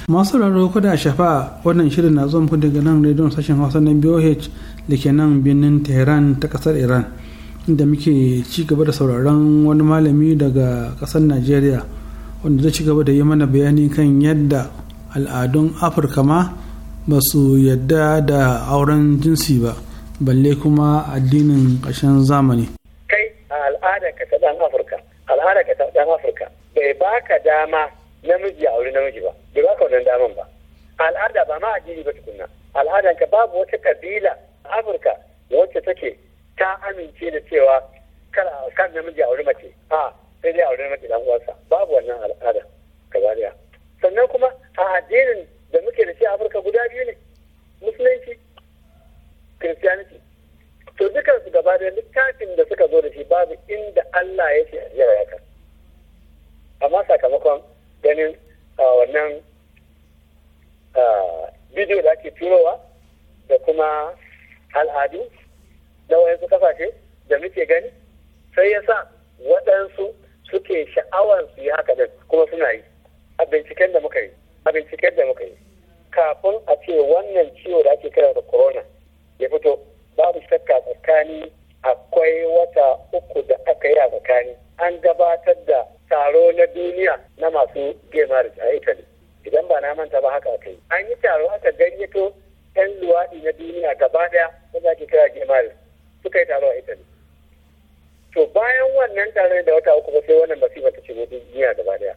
masu raro kuda shafa wannan shirin na zuwa daga nan rediyon sashen hausa na boh da ke nan birnin tehran ta kasar iran inda muke ci gaba da sauraron wani malami daga kasar najeriya wanda zai ci gaba da yi mana bayani kan yadda al'adun afirka ma ba su yadda da auren jinsi ba balle kuma addinin ƙarshen zamani kai a al'ada ka ta dan afirka al'ada ka ta dan afirka bai baka dama namiji a auri namiji ba bai baka wannan daman ba al'ada ba ma addini ba tukunna al'ada ka babu wata kabila a afirka wacce take ta amince da cewa kar namiji a auri mace a sai dai aure mace dan uwarsa babu wannan al'ada gaba daya sannan kuma a addinin da muke da shi a Afirka guda biyu ne musulunci kiristiyanci to dukkan su gaba daya littafin da suka zo da shi babu inda Allah ya ce ajiyar yaka amma sakamakon ganin wannan bidiyo da ake turowa da kuma al'adu na wayansu kasashe da muke gani sai ya sa waɗansu suke sha'awar su yi haka da kuma suna yi a binciken da muka yi a binciken da muka yi kafin a ce wannan ciwo da ake kira da corona ya fito babu shakka tsakani akwai wata uku da aka yi a tsakani an gabatar da taro na duniya na masu gemar a italy idan ba na manta ba haka aka yi an yi taro aka gayyato 'yan luwaɗi na duniya gaba ɗaya wanda ake kira gemar suka yi taro a italy to bayan wannan tare da wata uku sai wannan masifa ta shigo duniya gaba daya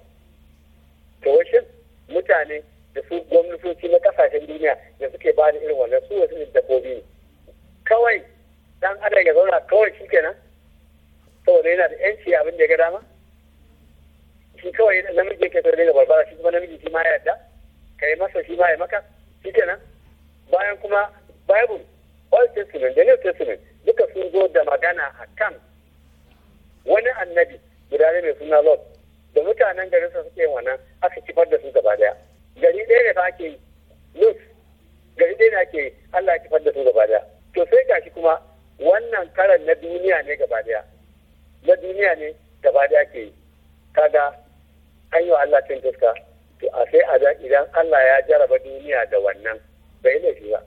to washin mutane da su gwamnatoci na kasashen duniya da suke ba da irin wannan su wasu dabbobi ne kawai dan adam ya zauna kawai shi kenan saboda yana da yanci abin da ya ga dama shi kawai namiji yake so daga barbara shi kuma namiji shi ma ya yarda ka yi masa shi ma ya maka shi kenan bayan kuma bible old testament da new testament duka sun zo da magana a kan wani annabi guda ne mai suna lot da mutanen garin sa suke wannan aka kifar da su gaba daya gari ɗaya ne fa ake yi lot gari ɗaya ne ake yi Allah ya kifar da su gaba daya to sai gashi kuma wannan karan na duniya ne gaba daya na duniya ne gaba daya ke yi kaga an yi wa Allah cin fuska to a sai a idan Allah ya jaraba duniya da wannan bai ne ba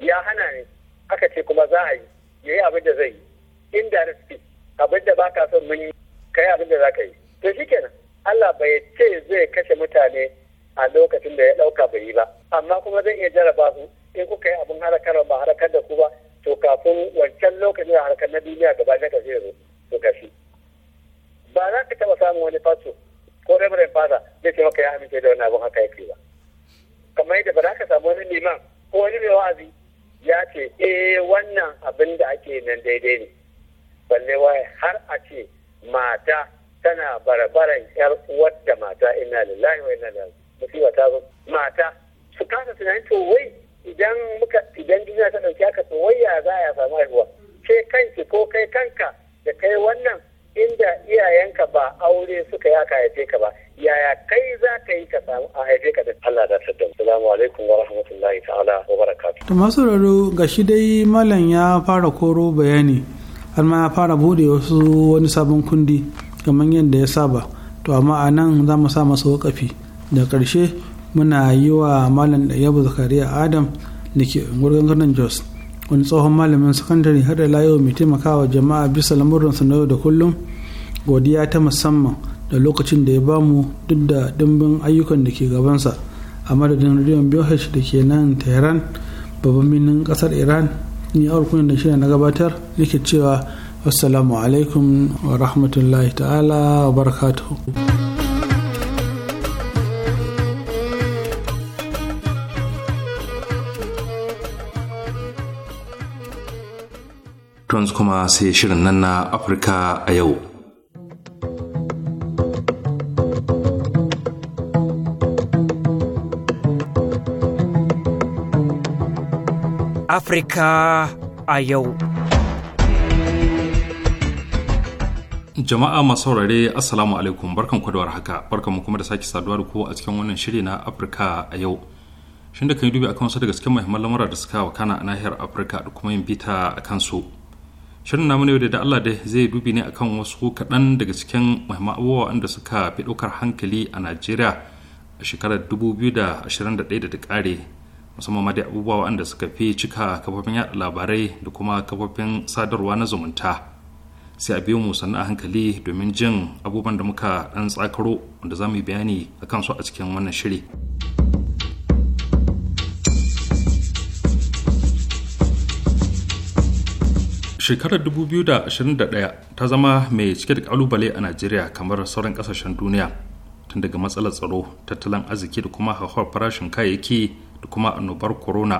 ya hana ne aka ce kuma za a yi ya yi abin da zai yi da speech abin da ba ka son mun kai abin da za ka yi to kenan Allah bai ce zai kashe mutane a lokacin da ya ɗauka bai yi ba amma kuma zan iya jarraba su in kuka yi abin harakar ba harakar da ku ba to kafin wancan lokacin da harkar na duniya gaba na kashe zo to kashi ba za ka taɓa samun wani faso ko rabarin fasa zai ce maka ya amince da wani abin haka yake ba kamar yadda ba za ka samu wani liman ko wani mai wa'azi ya ce eh wannan abin da ake nan daidai ne balle wai har a ce mata tana barabaran yar uwarta mata ina lillahi wa ina ilaihi musiba ta mata su kasa tunanin to wai idan muka idan duniya ta dauki aka to wai ya za ya samu haihuwa ke kanki ko kai kanka da kai wannan inda iyayenka ba aure suka yi aka haife ka ba yaya kai za ka yi ka samu a haife ka da Allah da sadda assalamu alaikum wa rahmatullahi ta'ala wa barakatuh to masu raro gashi dai malam ya fara koro bayani har ma ya fara bude wasu wani sabon kundi kamar yadda ya saba to amma a nan za mu sa masa wakafi da karshe muna yi wa malam yabu zakariya adam da ke unguwar ganin jos wani tsohon malamin sakandare har da layo mai taimakawa jama'a bisa lamurinsa na yau da kullum godiya ta musamman da lokacin da ya bamu duk da dimbin ayyukan da ke gabansa a madadin rediyon biyu da ke nan tehran babban birnin kasar iran ni awar kunin da shirya na gabatar yake cewa assalamu alaikum wa rahmatullahi ta'ala wa barakatuhu kuma sai shirin nan na Afirka a yau. Afrika a yau. Jama'a masu saurare Assalamu alaikum barkan kwadowar haka barkanmu kuma da sake saduwa da ku a cikin wannan shiri na afrika a yau. Shin da kan yi dubi akan wasu daga cikin muhimman lamura da suka wakana a nahiyar afrika da kuma yin bita a kansu. Shirin namu yau da Allah dai zai dubi ne akan wasu kaɗan daga cikin muhimman abubuwa wanda suka fi ɗaukar hankali a Najeriya a shekarar 2021 da ta ƙare musamman ma da abubuwa waɗanda suka fi cika kafofin yaɗa labarai da kuma kafofin sadarwa na zumunta sai a biyo mu sannu a hankali domin jin abubuwan da muka ɗan tsakaro wanda za mu yi bayani a kansu a cikin wannan shiri. shekarar 2021 ta zama mai cike da kalubale a najeriya kamar sauran kasashen duniya tun daga matsalar tsaro tattalin arziki da kuma hauhawar farashin kayayyaki da kuma annobar corona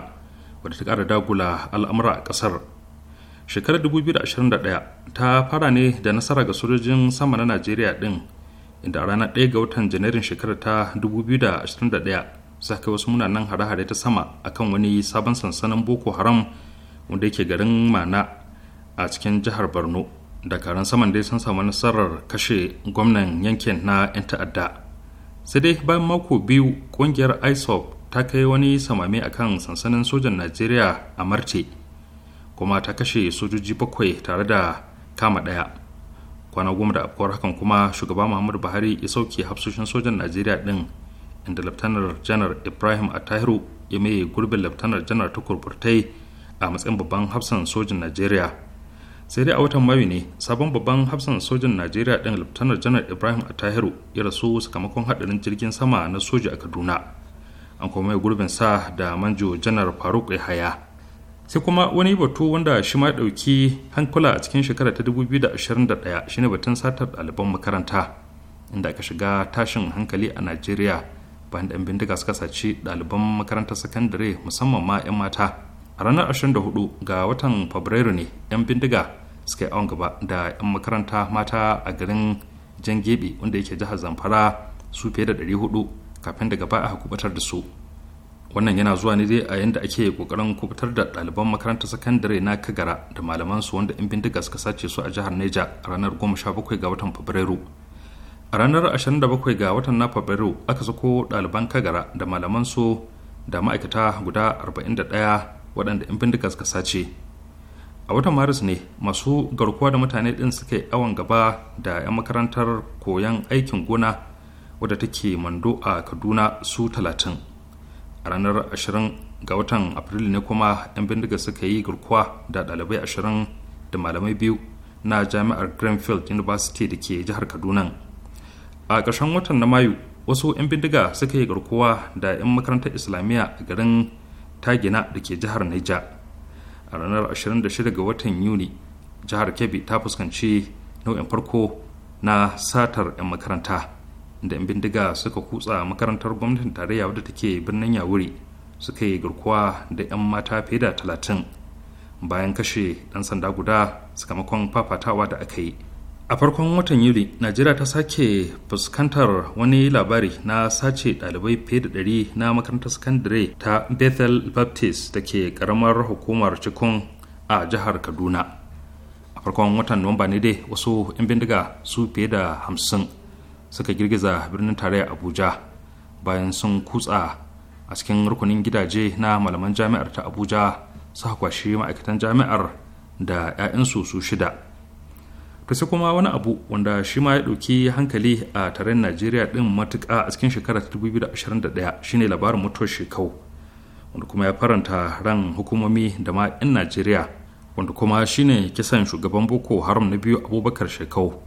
wadda ta kara dagula al'amura a kasar. shekarar 2021 ta fara ne da nasara ga sojojin sama na najeriya din. inda a ranar 1 ga watan janairun shekarar ta 2021 suka kai wasu munanan hare-hare ta sama akan wani sabon sansanin boko haram wanda yake garin mana a cikin jihar borno da dakarun saman dai sun samu nasarar kashe gwamnan yankin na 'yan ta'adda sai dai bayan mako biyu kungiyar isop ta kai wani samame a kan sansanin sojan najeriya a marte kuma ta kashe sojoji bakwai tare da kama ɗaya kwana goma da afkuwar hakan kuma shugaba muhammadu buhari ya sauke hafsoshin sojan najeriya ɗin inda laftanar janar ibrahim atahiru ya maye gurbin laftanar janar ta a matsayin babban hafsan sojan najeriya sai dai a watan mayu ne sabon babban hafsan sojan najeriya ɗin laftanar janar ibrahim atahiru ya rasu sakamakon haɗarin jirgin sama na soja a kaduna an kuma mai gurbin sa da manjo janar faruk ya haya sai kuma wani batu wanda shi ma dauki hankula a cikin shekara ta 2021 shine batun satar ɗaliban makaranta inda aka shiga tashin hankali a najeriya bayan da bindiga suka saci ɗaliban makarantar sakandare musamman ma 'yan mata a ranar 24 ga watan fabrairu ne 'yan bindiga suka yi awon gaba da 'yan makaranta mata a garin jangebe wanda yake jihar zamfara su fiye da kafin daga ba a kubutar da su wannan yana zuwa ne dai a yadda ake kokarin kubutar da ɗaliban makarantar sakandare na kagara da malaman su wanda in bindiga suka sace su a jihar neja ranar 17 ga watan fabrairu a ranar 27 ga watan na fabrairu aka sako ɗaliban kagara da malaman su da ma'aikata guda 41 waɗanda in bindiga suka sace a watan maris ne masu garkuwa da mutane ɗin suka yi awon gaba da 'yan makarantar koyon aikin gona wadda take mando a kaduna su talatin a ranar 20 ga watan afrilu ne kuma 'yan bindiga suka yi garkuwa da dalibai ashirin da malamai biyu na jami'ar greenfield university da ke jihar kaduna a ƙarshen watan na mayu wasu 'yan bindiga suka yi garkuwa da 'yan makarantar islamiyya a garin tagina da ke jihar niger a ranar 26 ga watan yuni jihar kebbi ta fuskanci nau'in farko na satar 'yan makaranta da 'yan bindiga suka kutsa makarantar gwamnatin tarayya wadda take birnin yawuri suka yi garkuwa da 'yan mata fiye da talatin bayan kashe ɗan sanda guda sakamakon fafatawa da aka yi a farkon watan yuli najeriya ta sake fuskantar wani labari na sace dalibai fiye da ɗari na makarantar sakandare ta bethel baptist da ke karamar hukumar cikun a jihar kaduna a farkon watan nuwamba ne dai wasu 'yan bindiga su fiye da hamsin suka girgiza birnin tarayya abuja bayan sun kutsa a cikin rukunin gidaje na malaman jami'ar ta abuja su kwashi ma'aikatan jami'ar da 'ya'yansu su shida ta sai kuma wani abu wanda shi ma ya ɗauki hankali a tarayyar najeriya ɗin matuƙa a cikin shekarar 2021 shine labarin mutuwar shekau wanda kuma ya faranta ran hukumomi da ma 'yan najeriya wanda kuma shine kisan shugaban boko haram na biyu abubakar shekau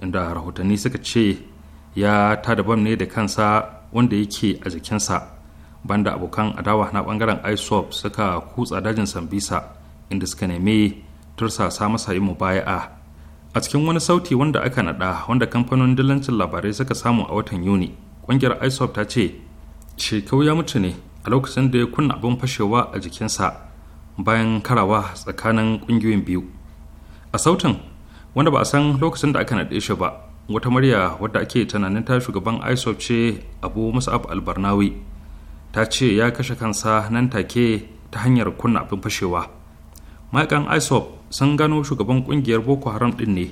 inda rahotanni suka ce ya tada bam ne da kansa wanda yake a jikinsa banda abokan adawa na bangaren isop suka kutsa dajin sambisa inda suka nemi tursasa masa yi mubaya'a a cikin wani sauti wanda aka nada wanda kamfanonin dillancin labarai suka samu a watan yuni kungiyar isop ta ce shekau ya mutu ne a lokacin da ya kunna abin fashewa a jikinsa bayan karawa tsakanin kungiyoyin biyu a sautin wanda ba a san lokacin da aka naɗe shi ba wata murya wadda ake tunanin ta shugaban isop ce abu musab albarnawi ta ce ya kashe kansa nan take ta hanyar kunna abin fashewa mayakan isop sun gano shugaban kungiyar boko haram din ne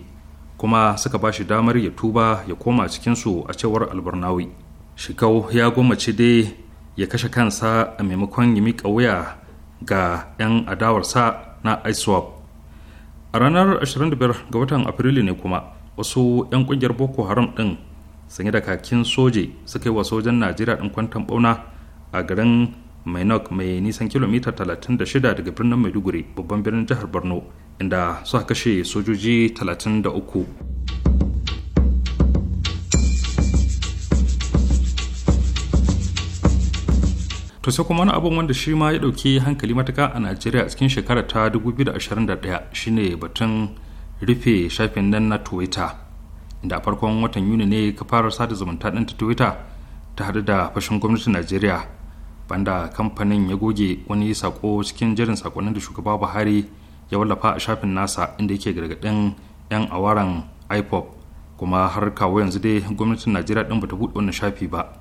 kuma suka ba shi damar ya tuba ya koma cikinsu a cewar albarnawi shikau ya gwamace dai ya kashe kansa a maimakon ya miƙa wuya ga 'yan adawarsa na iswap a ranar 25 ga watan afrilu ne kuma wasu 'yan kungiyar boko haram ɗin sanye da kakin soje suka yi wa sojan najeriya ɗin kwantan bauna a garin mainok mai nisan kilomita 36 daga birnin maiduguri babban birnin jihar borno inda suka kashe sojoji 33 uku. sai kuma wani abin wanda shi ma ya dauki hankali matuka a najeriya cikin shekara ta 2021 shine batun rufe shafin nan na twitter inda a farkon watan yuni ne ka fara sada zumunta ɗin ta twitter ta hadu da fashin gwamnatin najeriya banda kamfanin ya goge wani sako cikin jerin sakonnin da shugaba buhari ya wallafa a shafin nasa inda yake gargaɗin 'yan awaran ipop kuma har kawo yanzu dai gwamnatin najeriya ɗin bata buɗe wannan shafi ba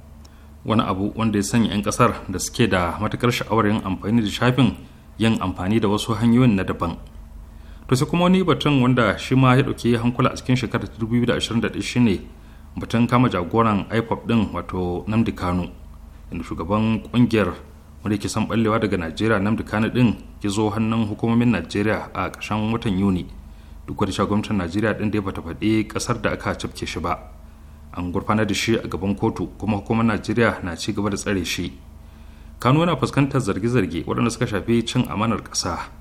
wani abu wanda ya sanya 'yan ƙasar da suke da matukar sha'awar yin amfani da shafin yin amfani da wasu hanyoyin na daban to sai kuma wani batun wanda shi ma ya ɗauki hankula a cikin shekarar 2021 shine batun kama jagoran ipop din wato namdi kano inda shugaban kungiyar wanda ke son ballewa daga najeriya namdi kano din ya zo hannun hukumomin najeriya a ƙarshen watan yuni duk da gwamnatin najeriya din da ya bata faɗi kasar da aka cafke shi ba an gurfanar da shi a gaban kotu kuma hukumar najeriya na ci gaba da tsare shi kano yana fuskantar zarge-zarge waɗanda suka shafi cin amanar kasa.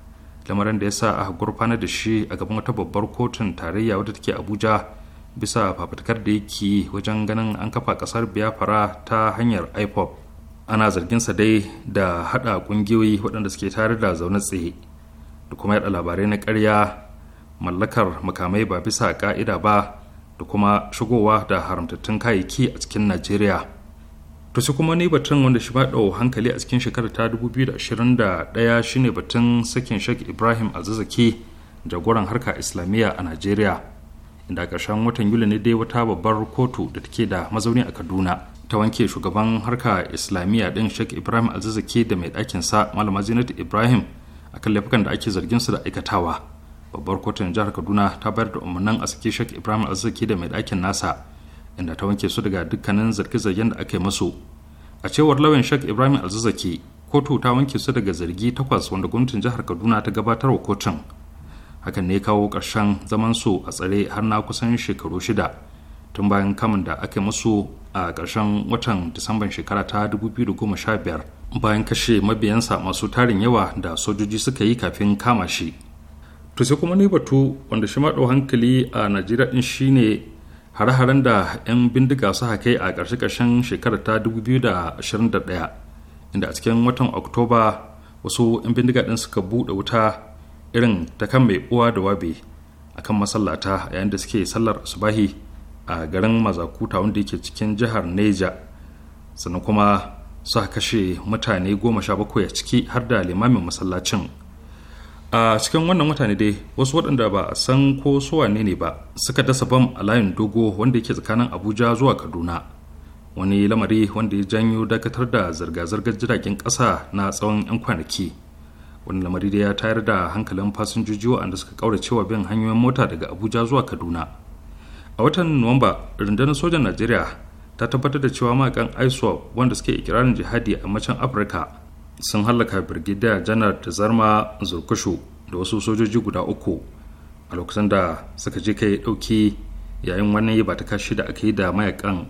lamarin da ya sa a gurfana da shi a gaban wata babbar kotun tarayya wadda take abuja bisa fafatakar da yake wajen ganin an kafa kasar biafra ta hanyar ipop ana zarginsa dai da hada kungiyoyi waɗanda suke tare da zaune tsaye da kuma yada labarai na karya mallakar makamai ba bisa ka'ida ba da kuma shigowa da haramtattun kayayyaki a cikin najeriya to kuma ne batun wanda shi ɗau hankali a cikin shekarar ta 2021 shine batun sakin shek ibrahim azizaki jagoran harka islamiyya a nigeria inda a ƙarshen watan yuli ne dai wata babbar kotu da take da mazauni a kaduna ta wanke shugaban harka islamiyya din shek ibrahim azizaki da mai ɗakin sa malama zinat ibrahim kan laifukan da ake zargin su da aikatawa babbar kotun jihar kaduna ta bayar da umarnin a sake shek ibrahim azizaki da mai ɗakin nasa inda ta wanke su daga dukkanin zarge-zargen da aka yi masu a cewar lauyan shak ibrahim alzazaki kotu ta wanke su daga zargi takwas wanda gwamnatin jihar kaduna ta gabatar wa kotun hakan ne kawo ƙarshen zaman su a tsare har na kusan shekaru shida tun bayan kamun da aka musu a ƙarshen watan disamban shekara ta 2015 bayan kashe mabiyansa masu tarin yawa da sojoji suka yi kafin kama shi to kuma ni batu wanda shi maɗau hankali a najeriya din shine hare-haren da 'yan bindiga su kai a ƙarshe-ƙarshen shekarar ta 2021 inda a cikin watan oktoba wasu 'yan bindiga ɗin suka buɗe wuta irin ta kan mai uwa da wabe a kan masallata yayin da suke sallar subahi a garin mazakuta wanda yake cikin jihar neja sannan kuma su kashe mutane goma sha bakwai a ciki har da limamin masallacin a cikin wannan mutane dai wasu waɗanda ba a san ko suwane ne ba suka dasa bam a layin dogo wanda yake tsakanin abuja zuwa kaduna wani lamari wanda ya janyo dakatar da zirga-zirgar jiragen ƙasa na tsawon 'yan kwanaki wani lamari da ya tayar da hankalin fasinjoji waɗanda suka kauracewa bin hanyoyin mota daga abuja zuwa kaduna a watan nuwamba rundunar sojan najeriya ta tabbatar da cewa makan iswap wanda suke ikirarin jihadi a macen afirka sun hallaka birgida janar da zarma zurkushu da wasu sojoji guda uku a lokacin da suka je kai dauki yayin wani ba ta kashi da aka yi da mayakan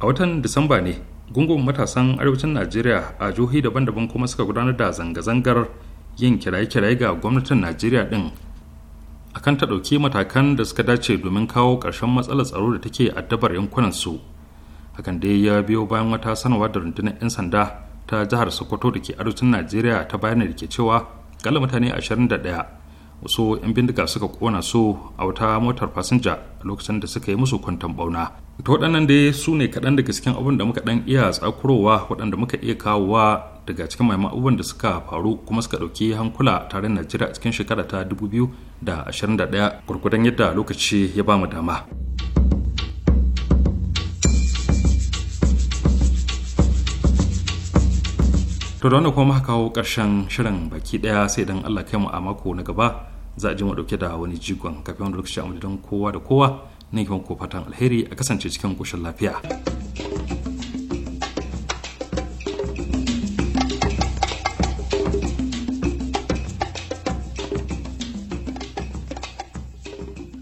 a watan disamba ne gungun matasan arewacin najeriya a jihohi daban-daban kuma suka gudanar da zanga-zangar yin kiraye-kiraye ga gwamnatin najeriya din kan ta ɗauki matakan da suka dace domin kawo ƙarshen matsalar tsaro da take addabar yankunan su hakan dai ya biyo bayan wata sanarwa da rundunar 'yan sanda ta jihar sokoto da ke arewacin najeriya ta bayanar da ke cewa kala mutane 21 wasu 'yan bindiga suka kona su a wata motar fasinja a lokacin da suka yi musu kwanton bauna ta waɗannan dai su ne kaɗan daga cikin abin da muka ɗan iya tsakurowa waɗanda muka iya kawowa daga cikin maimakon abubuwan da suka faru kuma suka ɗauki hankula tare najeriya cikin shekara ta 2021 gwargwadon yadda lokaci ya ba mu dama. to da wanda kuma muka kawo ƙarshen shirin baki ɗaya sai dan Allah kai mu a mako na gaba za a ji mu dauke da wani jigon kafin wani lokaci a madadin kowa da kowa ne kuma ku fatan alheri a kasance cikin ƙoshin lafiya.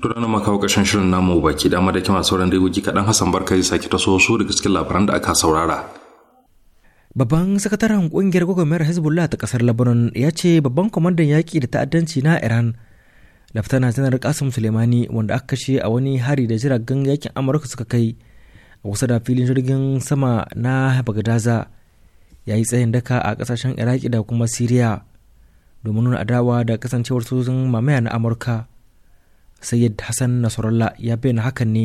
Turana kawo ƙarshen shirin namu baki dama da kima sauran daigogi kaɗan Hassan Barka zai sake taso su daga cikin labaran da aka saurara. Babban sakataren kungiyar gwagwarmayar Hezbollah ta kasar Lebanon ya ce babban kwamandan yaƙi da ta'addanci na Iran Laftana Janar Kasim Suleimani wanda aka kashe a wani hari da jiragen yakin Amurka suka kai a kusa da filin jirgin sama na Bagdaza ya yi tsayin daka a kasashen Iraki da kuma Siriya domin nuna adawa da kasancewar sojojin mamaya na Amurka. Sayyid Hassan Nasrallah ya bayyana hakan ne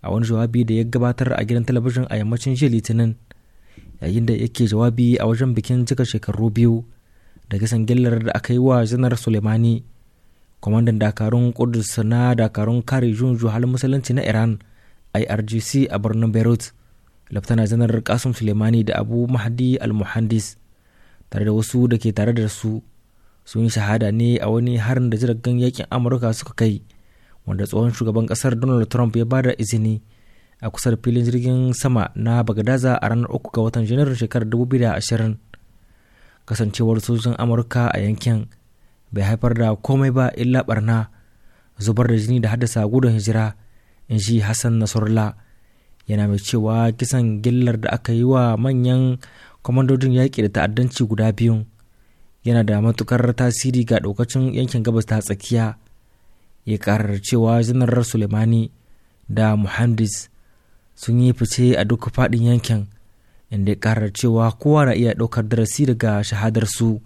a wani jawabi da ya gabatar a gidan talabijin a yammacin jiya Litinin. yayin da yake jawabi a wajen bikin cika shekaru biyu da kisan gillar da aka yi wa janar suleimani kwamandan dakarun kudus na dakarun kare junju halin musulunci na iran irgc a birnin beirut laftana janar kasim suleimani da abu mahdi al-muhandis tare da wasu da ke tare da su sun yi shahada ne a wani harin da jiragen yakin amurka suka kai wanda tsohon shugaban kasar donald trump ya bada izini a kusa da filin jirgin sama na bagadaza a ranar 3 ga watan janairun shekarar 2020 kasancewar sojin amurka a yankin bai haifar da komai ba illa barna zubar da jini da haddasa gudun hijira in ji hassan nasarla yana mai cewa kisan gillar da aka yi wa manyan kwamandojin yaƙi da ta'addanci guda biyu yana da matukar tasiri ga ɗaukacin yankin gabas ta tsakiya ya ƙarar cewa janar sulemani da muhandis sun yi fice a duk faɗin yankin inda ya ƙarar cewa kowa na iya ɗaukar darasi daga shahadar su.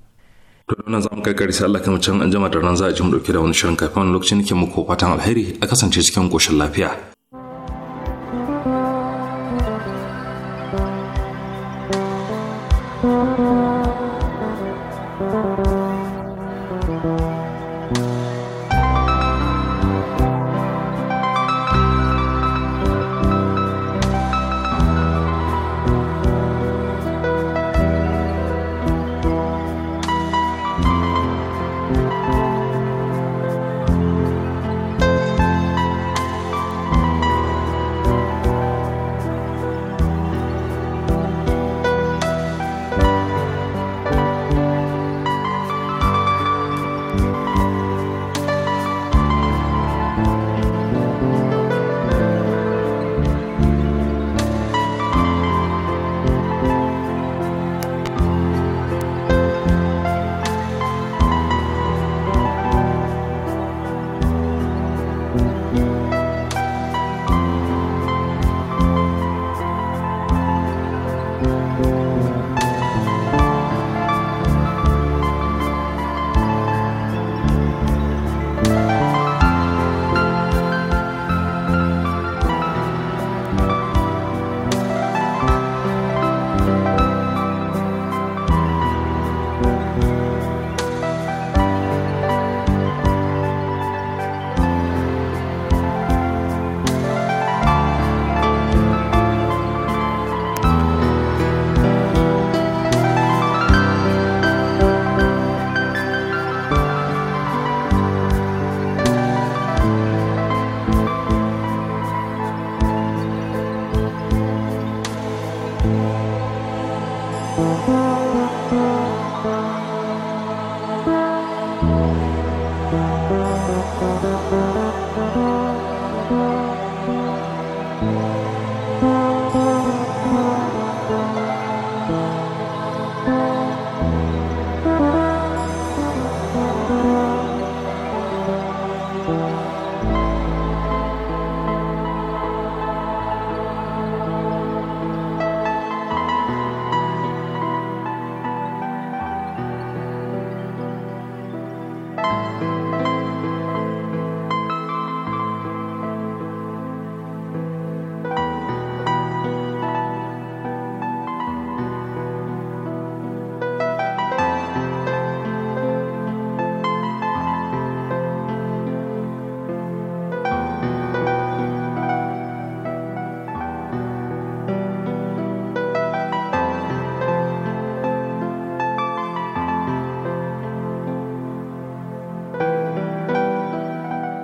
To da za mu kai gari sai Allah kan can an jama da ran za a ji mu dauke da wani shirin kafin lokacin nake muku fatan alheri a kasance cikin ƙoshin lafiya.